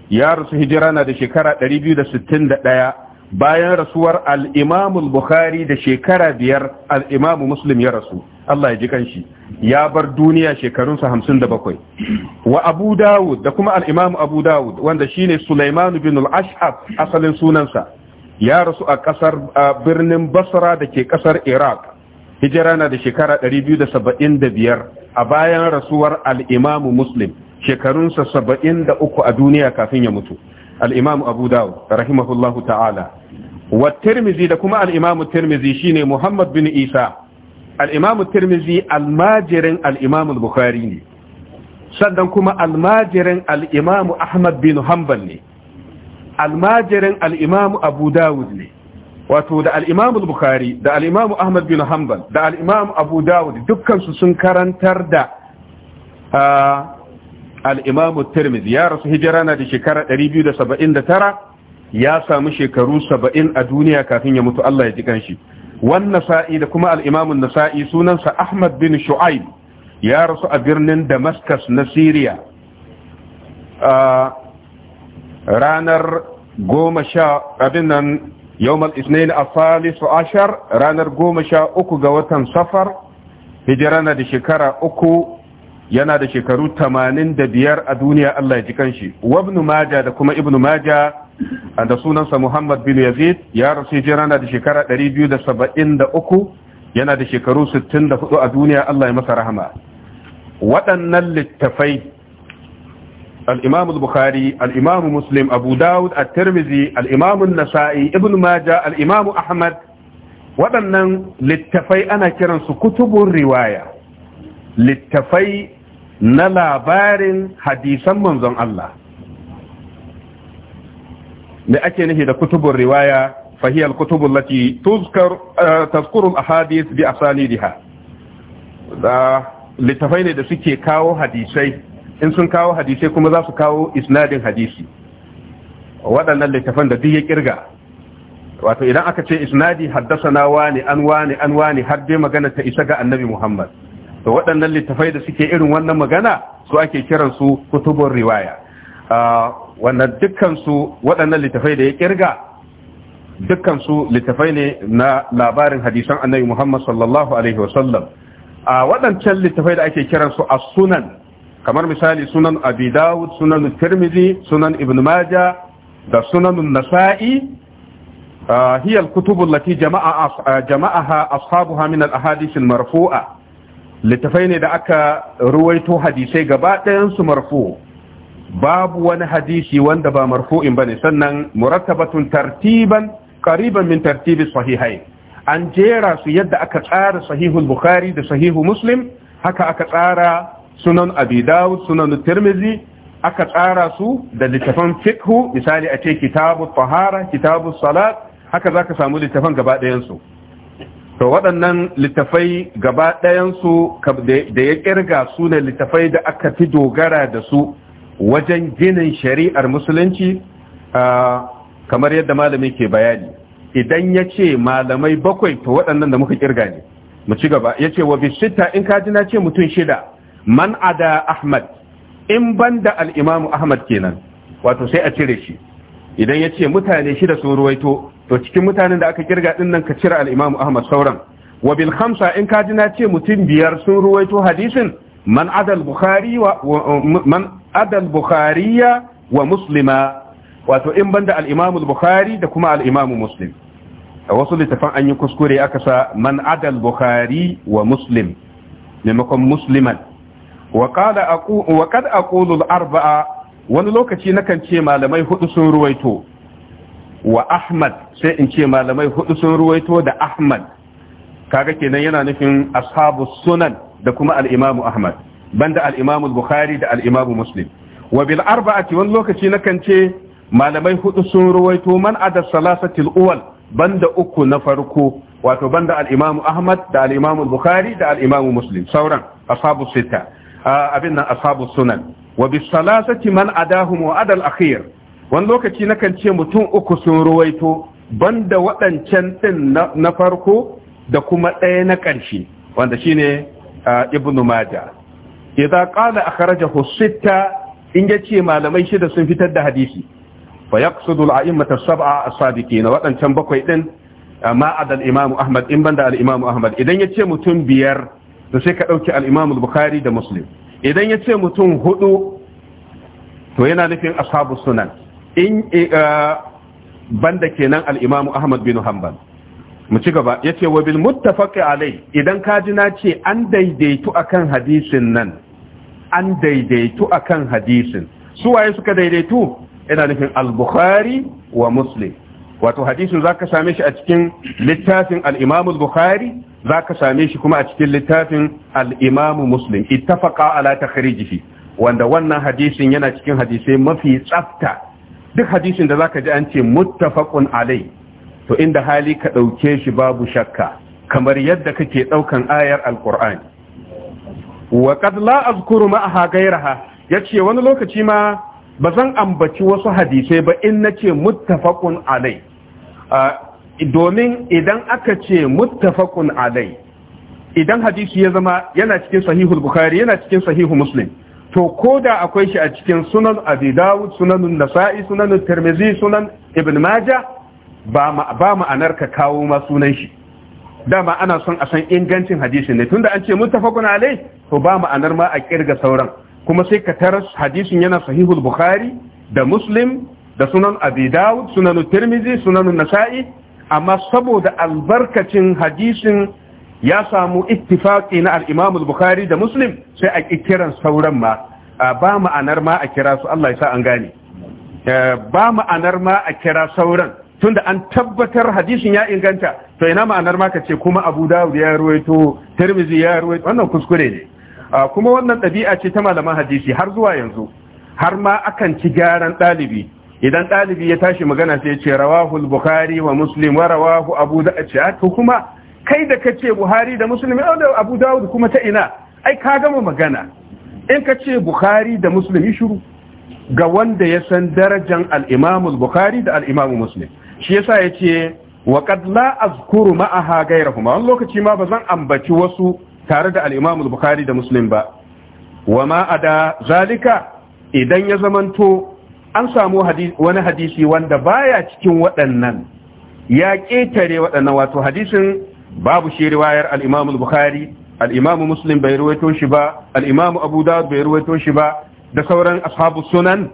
ya rasu hijira na da shekara 261 bayan rasuwar al al-Bukhari da shekara biyar alimamu Muslim ya rasu Allah ya ji kanshi ya bar duniya shekarunsa hamsin da bakwai wa abu dawud da kuma Al'imam abu dawud wanda shine sulaiman bin al-ash'ab asalin sunansa ya rasu a kasar birnin basra da ke kasar iraq hijira na da shekara 275 a bayan rasuwar al'imamu muslim shekarunsa 73 a duniya kafin ya mutu al'imamu abu dawud rahimahullahu ta'ala wa tirmizi da kuma al'imamu tirmizi shine muhammad bin isa al-imamu tirmizi almajirin al-imamu bukhari ne sannan kuma almajirin al ahmad bin hanbal ne almajirin al abu dawud ne wato da al-imamu bukhari da al ahmad bin hanbal da al abu dawud dukkan sun karantar da al'imamu tirmidhi ya rasu hijira na da shekara 279 ya samu shekaru 70 a duniya kafin ya mutu Allah ya ji kanshi wan nasa'i da kuma al-imam an-nasa'i sunansa Ahmad bin Shu'aib ya rasu a birnin Damascus na Syria a ranar goma sha abin nan yawmal isnain as-salis ashar ranar goma sha uku ga watan safar hijira na da shekara uku yana da shekaru tamanin da biyar a duniya Allah ya ji kanshi wa ibn majah da kuma Ibnu Maja. da sunansa Muhammad bin Yazid ya rasu hijira na da shekara 273 yana da shekaru 64 a duniya Allah ya masa rahama waɗannan littafai al-Imam al-Bukhari al-Imam Muslim Abu Dawud at-Tirmidhi al-Imam an-Nasa'i Ibn Majah al-Imam Ahmad waɗannan littafai ana kiransu kutubun riwaya littafai na labarin hadisan manzon Allah me ake nufi da kutubun riwaya fahiyar kutubun lati eh, tazkurul ahadith bi asanidiha da littafai ne da suke kawo hadisai in sun kawo hadisai kuma za su kawo isnadin hadisi waɗannan littafan da duk ya kirga wato idan aka ce isnadi na wani an wani an wani har dai magana ta isa ga annabi muhammad to waɗannan littafai da suke irin wannan magana su ake kiransu kutubun riwaya ah, wannan dukkansu waɗannan littafai da ya kirga dukkansu littafai ne na labarin hadisan annabi Muhammad sallallahu alaihi wasallam a waɗancan littafai da ake kiransu as-sunan kamar misali sunan abi dawud sunan tirmidhi sunan ibn maja da sunan nasa'i hiya al-kutub jama'a jama'aha ashabuha min al-ahadith al-marfu'a littafai ne da aka ruwaito hadisai gaba ɗayan su babu wani hadisi wanda ba marfu'in bane sannan murattabatun tartiban qariban min tartibi sahihai an jera su yadda aka tsara sahihul bukhari da sahihu muslim haka aka tsara sunan abi dawud sunan tirmizi aka tsara su da littafan fiqhu misali a ce kitabu tahara kitabu salat haka zaka samu littafan gaba ɗayan su to waɗannan littafai gaba ɗayan su da ya kirga su ne littafai da aka fi dogara da su wajen ginin shari'ar musulunci kamar yadda malami ke bayani idan ya ce malamai bakwai to waɗannan da muka kirga ne mu ci gaba ya ce wa bishita in ka ji na ce mutum shida man ada ahmad in ban da al'imamu ahmad kenan wato sai a cire shi idan ya ce mutane shida sun ruwaito to cikin mutanen da aka kirga din nan ka cire al'imamu ahmad sauran wa bil khamsa in ji na ce mutum biyar sun ruwaito hadisin man adal bukhari wa man wato in banda al bukhari da kuma al-imam muslim a wasu littafan an yi kuskure aka sa man adal bukhari wa muslim maimakon musliman wa qala aqu arbaa wani lokaci nakan ce malamai hudu sun ruwaito wa ahmad sai in ce malamai hudu sun ruwaito da ahmad kaga kenan yana nufin ashabu sunan da kuma al'imamu Ahmad banda al Bukhari da al'imamu imam Muslim wa bil arba'ati wani lokaci ce malamai hudu sun ruwaito man ada salasatil uwal banda uku na farko wato banda al Ahmad da al'imamu Bukhari da al'imamu Muslim sauran ashabu sita abin nan ashabu sunan wa bi salasati man adahum wa adal akhir wani lokaci kan ce mutum uku sun ruwaito banda waɗancan ɗin na farko da kuma ɗaya na ƙarshe wanda shine ibnu maja idza qala akhrajahu sitta in yace malamai shida sun fitar da hadisi fa yaqsidu al-a'immatu as-sab'a as-sadiqin wadancan bakwai din ma adal imam ahmad in banda al-imam ahmad idan yace mutum biyar to sai ka dauki al-imam al-bukhari da muslim idan yace mutum hudu to yana nufin ashabu sunan in eh, banda kenan al-imam ahmad bin hanbal mu ci gaba ya ce wabil muttafaqi alai idan ka ji na ce an daidaitu akan hadisin nan an daidaitu akan hadisin su waye suka daidaitu ina nufin al-bukhari wa muslim wato hadisin zaka same shi a cikin littafin al-imam al-bukhari zaka same shi kuma a cikin littafin al-imam muslim ittafaqa ala takhrijihi wanda wannan hadisin yana cikin hadisai mafi tsafta duk hadisin da zaka ji an ce muttafaqun alai to inda hali ka ɗauke shi babu shakka kamar yadda kake ɗaukan ayar alƙur'ani wa qad la azkuru ma'aha ya yace wani lokaci ma ba zan ambaci wasu hadisai ba in nace muttafaqun alai domin idan aka ce muttafaqun alai idan hadisi ya zama yana cikin sahihul bukhari yana cikin sahihu muslim to ko da akwai shi a cikin sunan abi dawud sunan nasa'i sunan tirmidhi sunan ibn majah ba ma'anar ka kawo ma sunan shi dama ana son a san ingancin hadisin ne tunda an ce muttafaqun alai to ba ma'anar ma a kirga sauran kuma sai ka taras hadisin yana sahihul bukhari da muslim da sunan abi dawud sunan tirmizi sunan nasa'i amma saboda albarkacin hadisin ya samu ittifaqi na al-imam al-bukhari da muslim sai a kiran sauran ma ba ma'anar ma a kira su Allah ya sa an gane eh, ba ma'anar ma a kira sauran tunda an tabbatar hadisin ya inganta to ina ma'anar ma ce kuma Abu Dawud ya ruwaito Tirmidhi ya ruwaito wannan kuskure ne kuma wannan ɗabi'a ce ta malaman hadisi har zuwa yanzu har ma akan ci gyaran ɗalibi idan ɗalibi ya tashi magana sai ce rawahu bukhari wa muslim wa rawahu abu da a to kuma kai da ka buhari da muslim da abu dawud kuma ta ina ai ka gama magana in ka ce bukhari da muslim shiru ga wanda ya san darajan al-imam bukhari da al-imam muslim shi yasa yace wa qad la azkuru ma'aha ghayrahuma wani lokaci ma bazan ambaci wasu tare da al-Imam al-Bukhari da Muslim ba wa ma ada zalika idan ya zamanto an samu wani hadisi wanda baya cikin waɗannan ya ƙetare waɗannan wato hadisin babu shi riwayar al-Imam al-Bukhari al-Imam Muslim bai ruwaito shi ba al-Imam Abu Dawud bai ruwaito shi ba da sauran ashabu sunan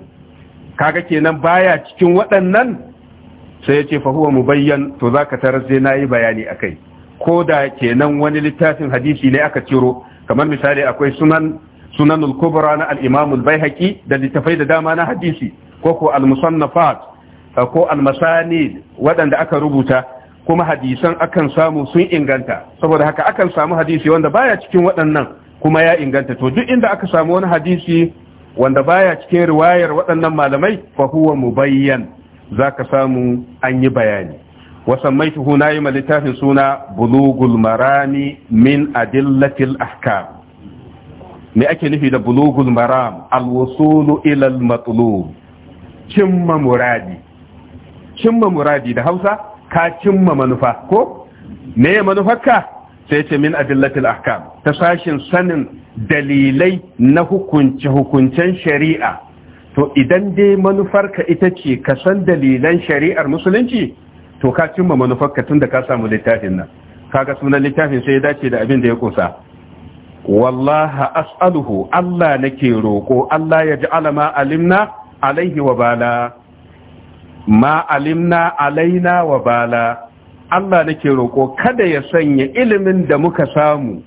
kaga kenan baya cikin waɗannan sai ya ce fa huwa bayyan to zaka tarar sai nayi bayani kai ko da kenan wani littafin hadisi ne aka ciro kamar misali akwai sunan sunanul kubra na al imamul al da littafai da dama na hadisi ko ko al-musannafat ko al-masanid waɗanda aka rubuta kuma hadisan akan samu sun inganta saboda haka akan samu hadisi wanda baya cikin waɗannan kuma ya inganta to duk inda aka samu wani hadisi wanda baya cikin riwayar waɗannan malamai fa huwa mubayyan za ka samu an yi bayani wasan mai na yi ma littafin suna bulugul marami min adillatil ahkam me ake nufi da bulugul maram alwusulu ilal matlub cimma muradi cimma muradi da hausa ka cimma manufa ko me manufarka sai ce min adillatil ahkam ta sashin sanin dalilai na hukunce hukuncen shari'a to idan dai manufarka ita ce ka san dalilan shari'ar musulunci to ka cimma manufarka tun da ka samu littafin nan kaga sunan littafin sai ya dace da abin da ya kusa wallaha as'aluhu Allah nake roko Allah ya ja'ala ma alimna alaihi wa bala ma alimna alaina wa bala Allah nake roko kada ya sanya ilimin da muka samu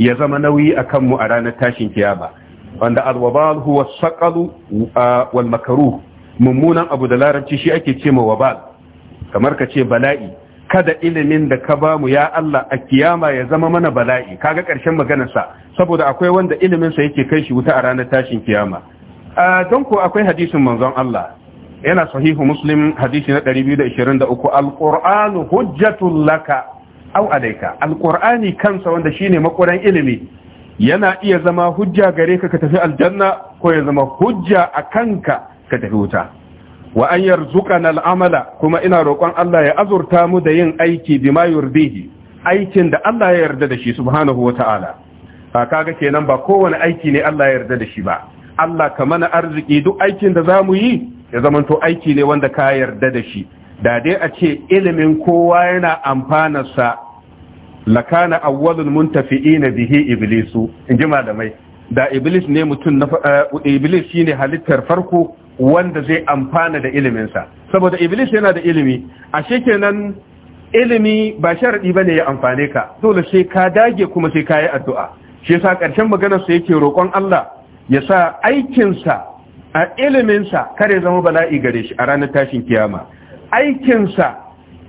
ya zama nauyi akan mu a ranar tashin kiyama wanda alwabal huwa sakalu uh, wal makruh mummunan abu da larabci shi ake ce ma wabal kamar ka ce bala'i kada ilimin da ka bamu ya Allah a kiyama ya zama mana bala'i kaga ƙarshen maganarsa saboda akwai wanda ilimin sa yake kai shi wuta a ranar tashin kiyama don ko akwai hadisin manzon Allah yana sahihu muslim hadisi na 223 alqur'anu hujjatul laka aw alayka alqur'ani kansa wanda shine makuran ilimi yana iya zama hujja gare ka ka tafi aljanna ko ya zama hujja a kanka ka tafi wuta wa an yarzuqana al'amala kuma ina roƙon Allah ya azurta mu da yin aiki bima yurdihi aikin da Allah ya yarda da shi subhanahu wata'ala ba kaga kenan ba kowane aiki ne Allah ya yarda da shi ba Allah ka mana arziki duk aikin da zamu yi ya zamanto aiki ne wanda ka yarda da shi da dai a ce ilimin kowa yana amfanarsa lakana awwalul muntafi'ina bihi iblis, inji malamai da iblis ne mutum na eh, iblis shine halittar farko wanda zai amfana da iliminsa saboda iblis yana da ilimi ashe kenan ilimi ba sharadi bane ya amfane ka dole sai ka dage kuma sai ka yi addu'a shi yasa karshen maganar sa yake roƙon Allah ya sa aikinsa a iliminsa kare zama bala'i gare shi a ranar tashin kiyama aikinsa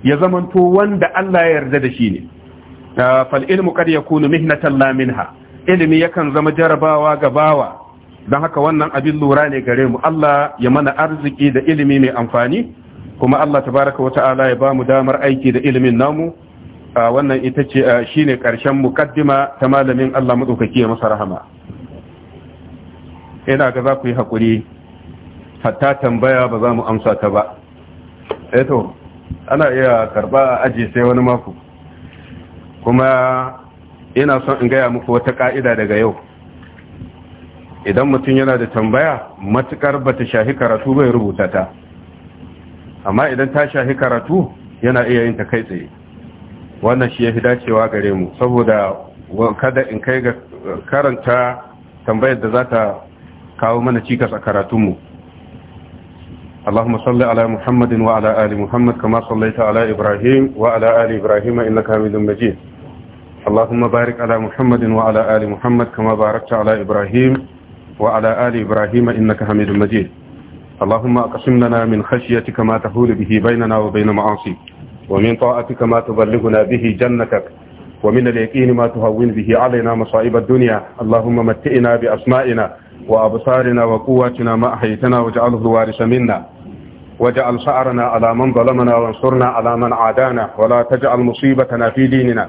ya zamanto wanda Allah ya yarda da shi ne fal ilmu kad yakunu mihnatan la minha ilimi yakan zama jarabawa ga bawa don haka wannan abin lura ne gare mu Allah ya mana arziki da ilimi mai amfani kuma Allah tabaraka ta'ala ya ba mu damar aiki da ilimin namu wannan ita ce shine karshen mukaddima ta malamin Allah madaukaki ya masa rahama ina ga za ku yi hakuri hatta tambaya ba za mu amsa ta ba eto ana iya karba aji sai wani mako kuma ina son in gaya muku wata ka'ida daga yau idan mutum yana da tambaya matukar ta shahi karatu bai rubuta ta amma idan ta shahi karatu yana iya yin ta kai tsaye wannan shi ya fi dacewa gare mu saboda kada in kai ga karanta tambayar da za ta kawo mana cikas a karatunmu اللهم صل على محمد وعلى آل محمد كما صليت على إبراهيم وعلى آل إبراهيم إنك حميد مجيد اللهم بارك على محمد وعلى آل محمد كما باركت على إبراهيم وعلى آل إبراهيم إنك حميد مجيد اللهم أقسم لنا من خشيتك ما تهول به بيننا وبين معاصيك ومن طاعتك ما تبلغنا به جنتك ومن اليقين ما تهون به علينا مصائب الدنيا اللهم متئنا بأسمائنا وأبصارنا وقواتنا ما أحيتنا واجعله الوارث منا واجعل شعرنا على من ظلمنا وانصرنا على من عادانا ولا تجعل مصيبتنا في ديننا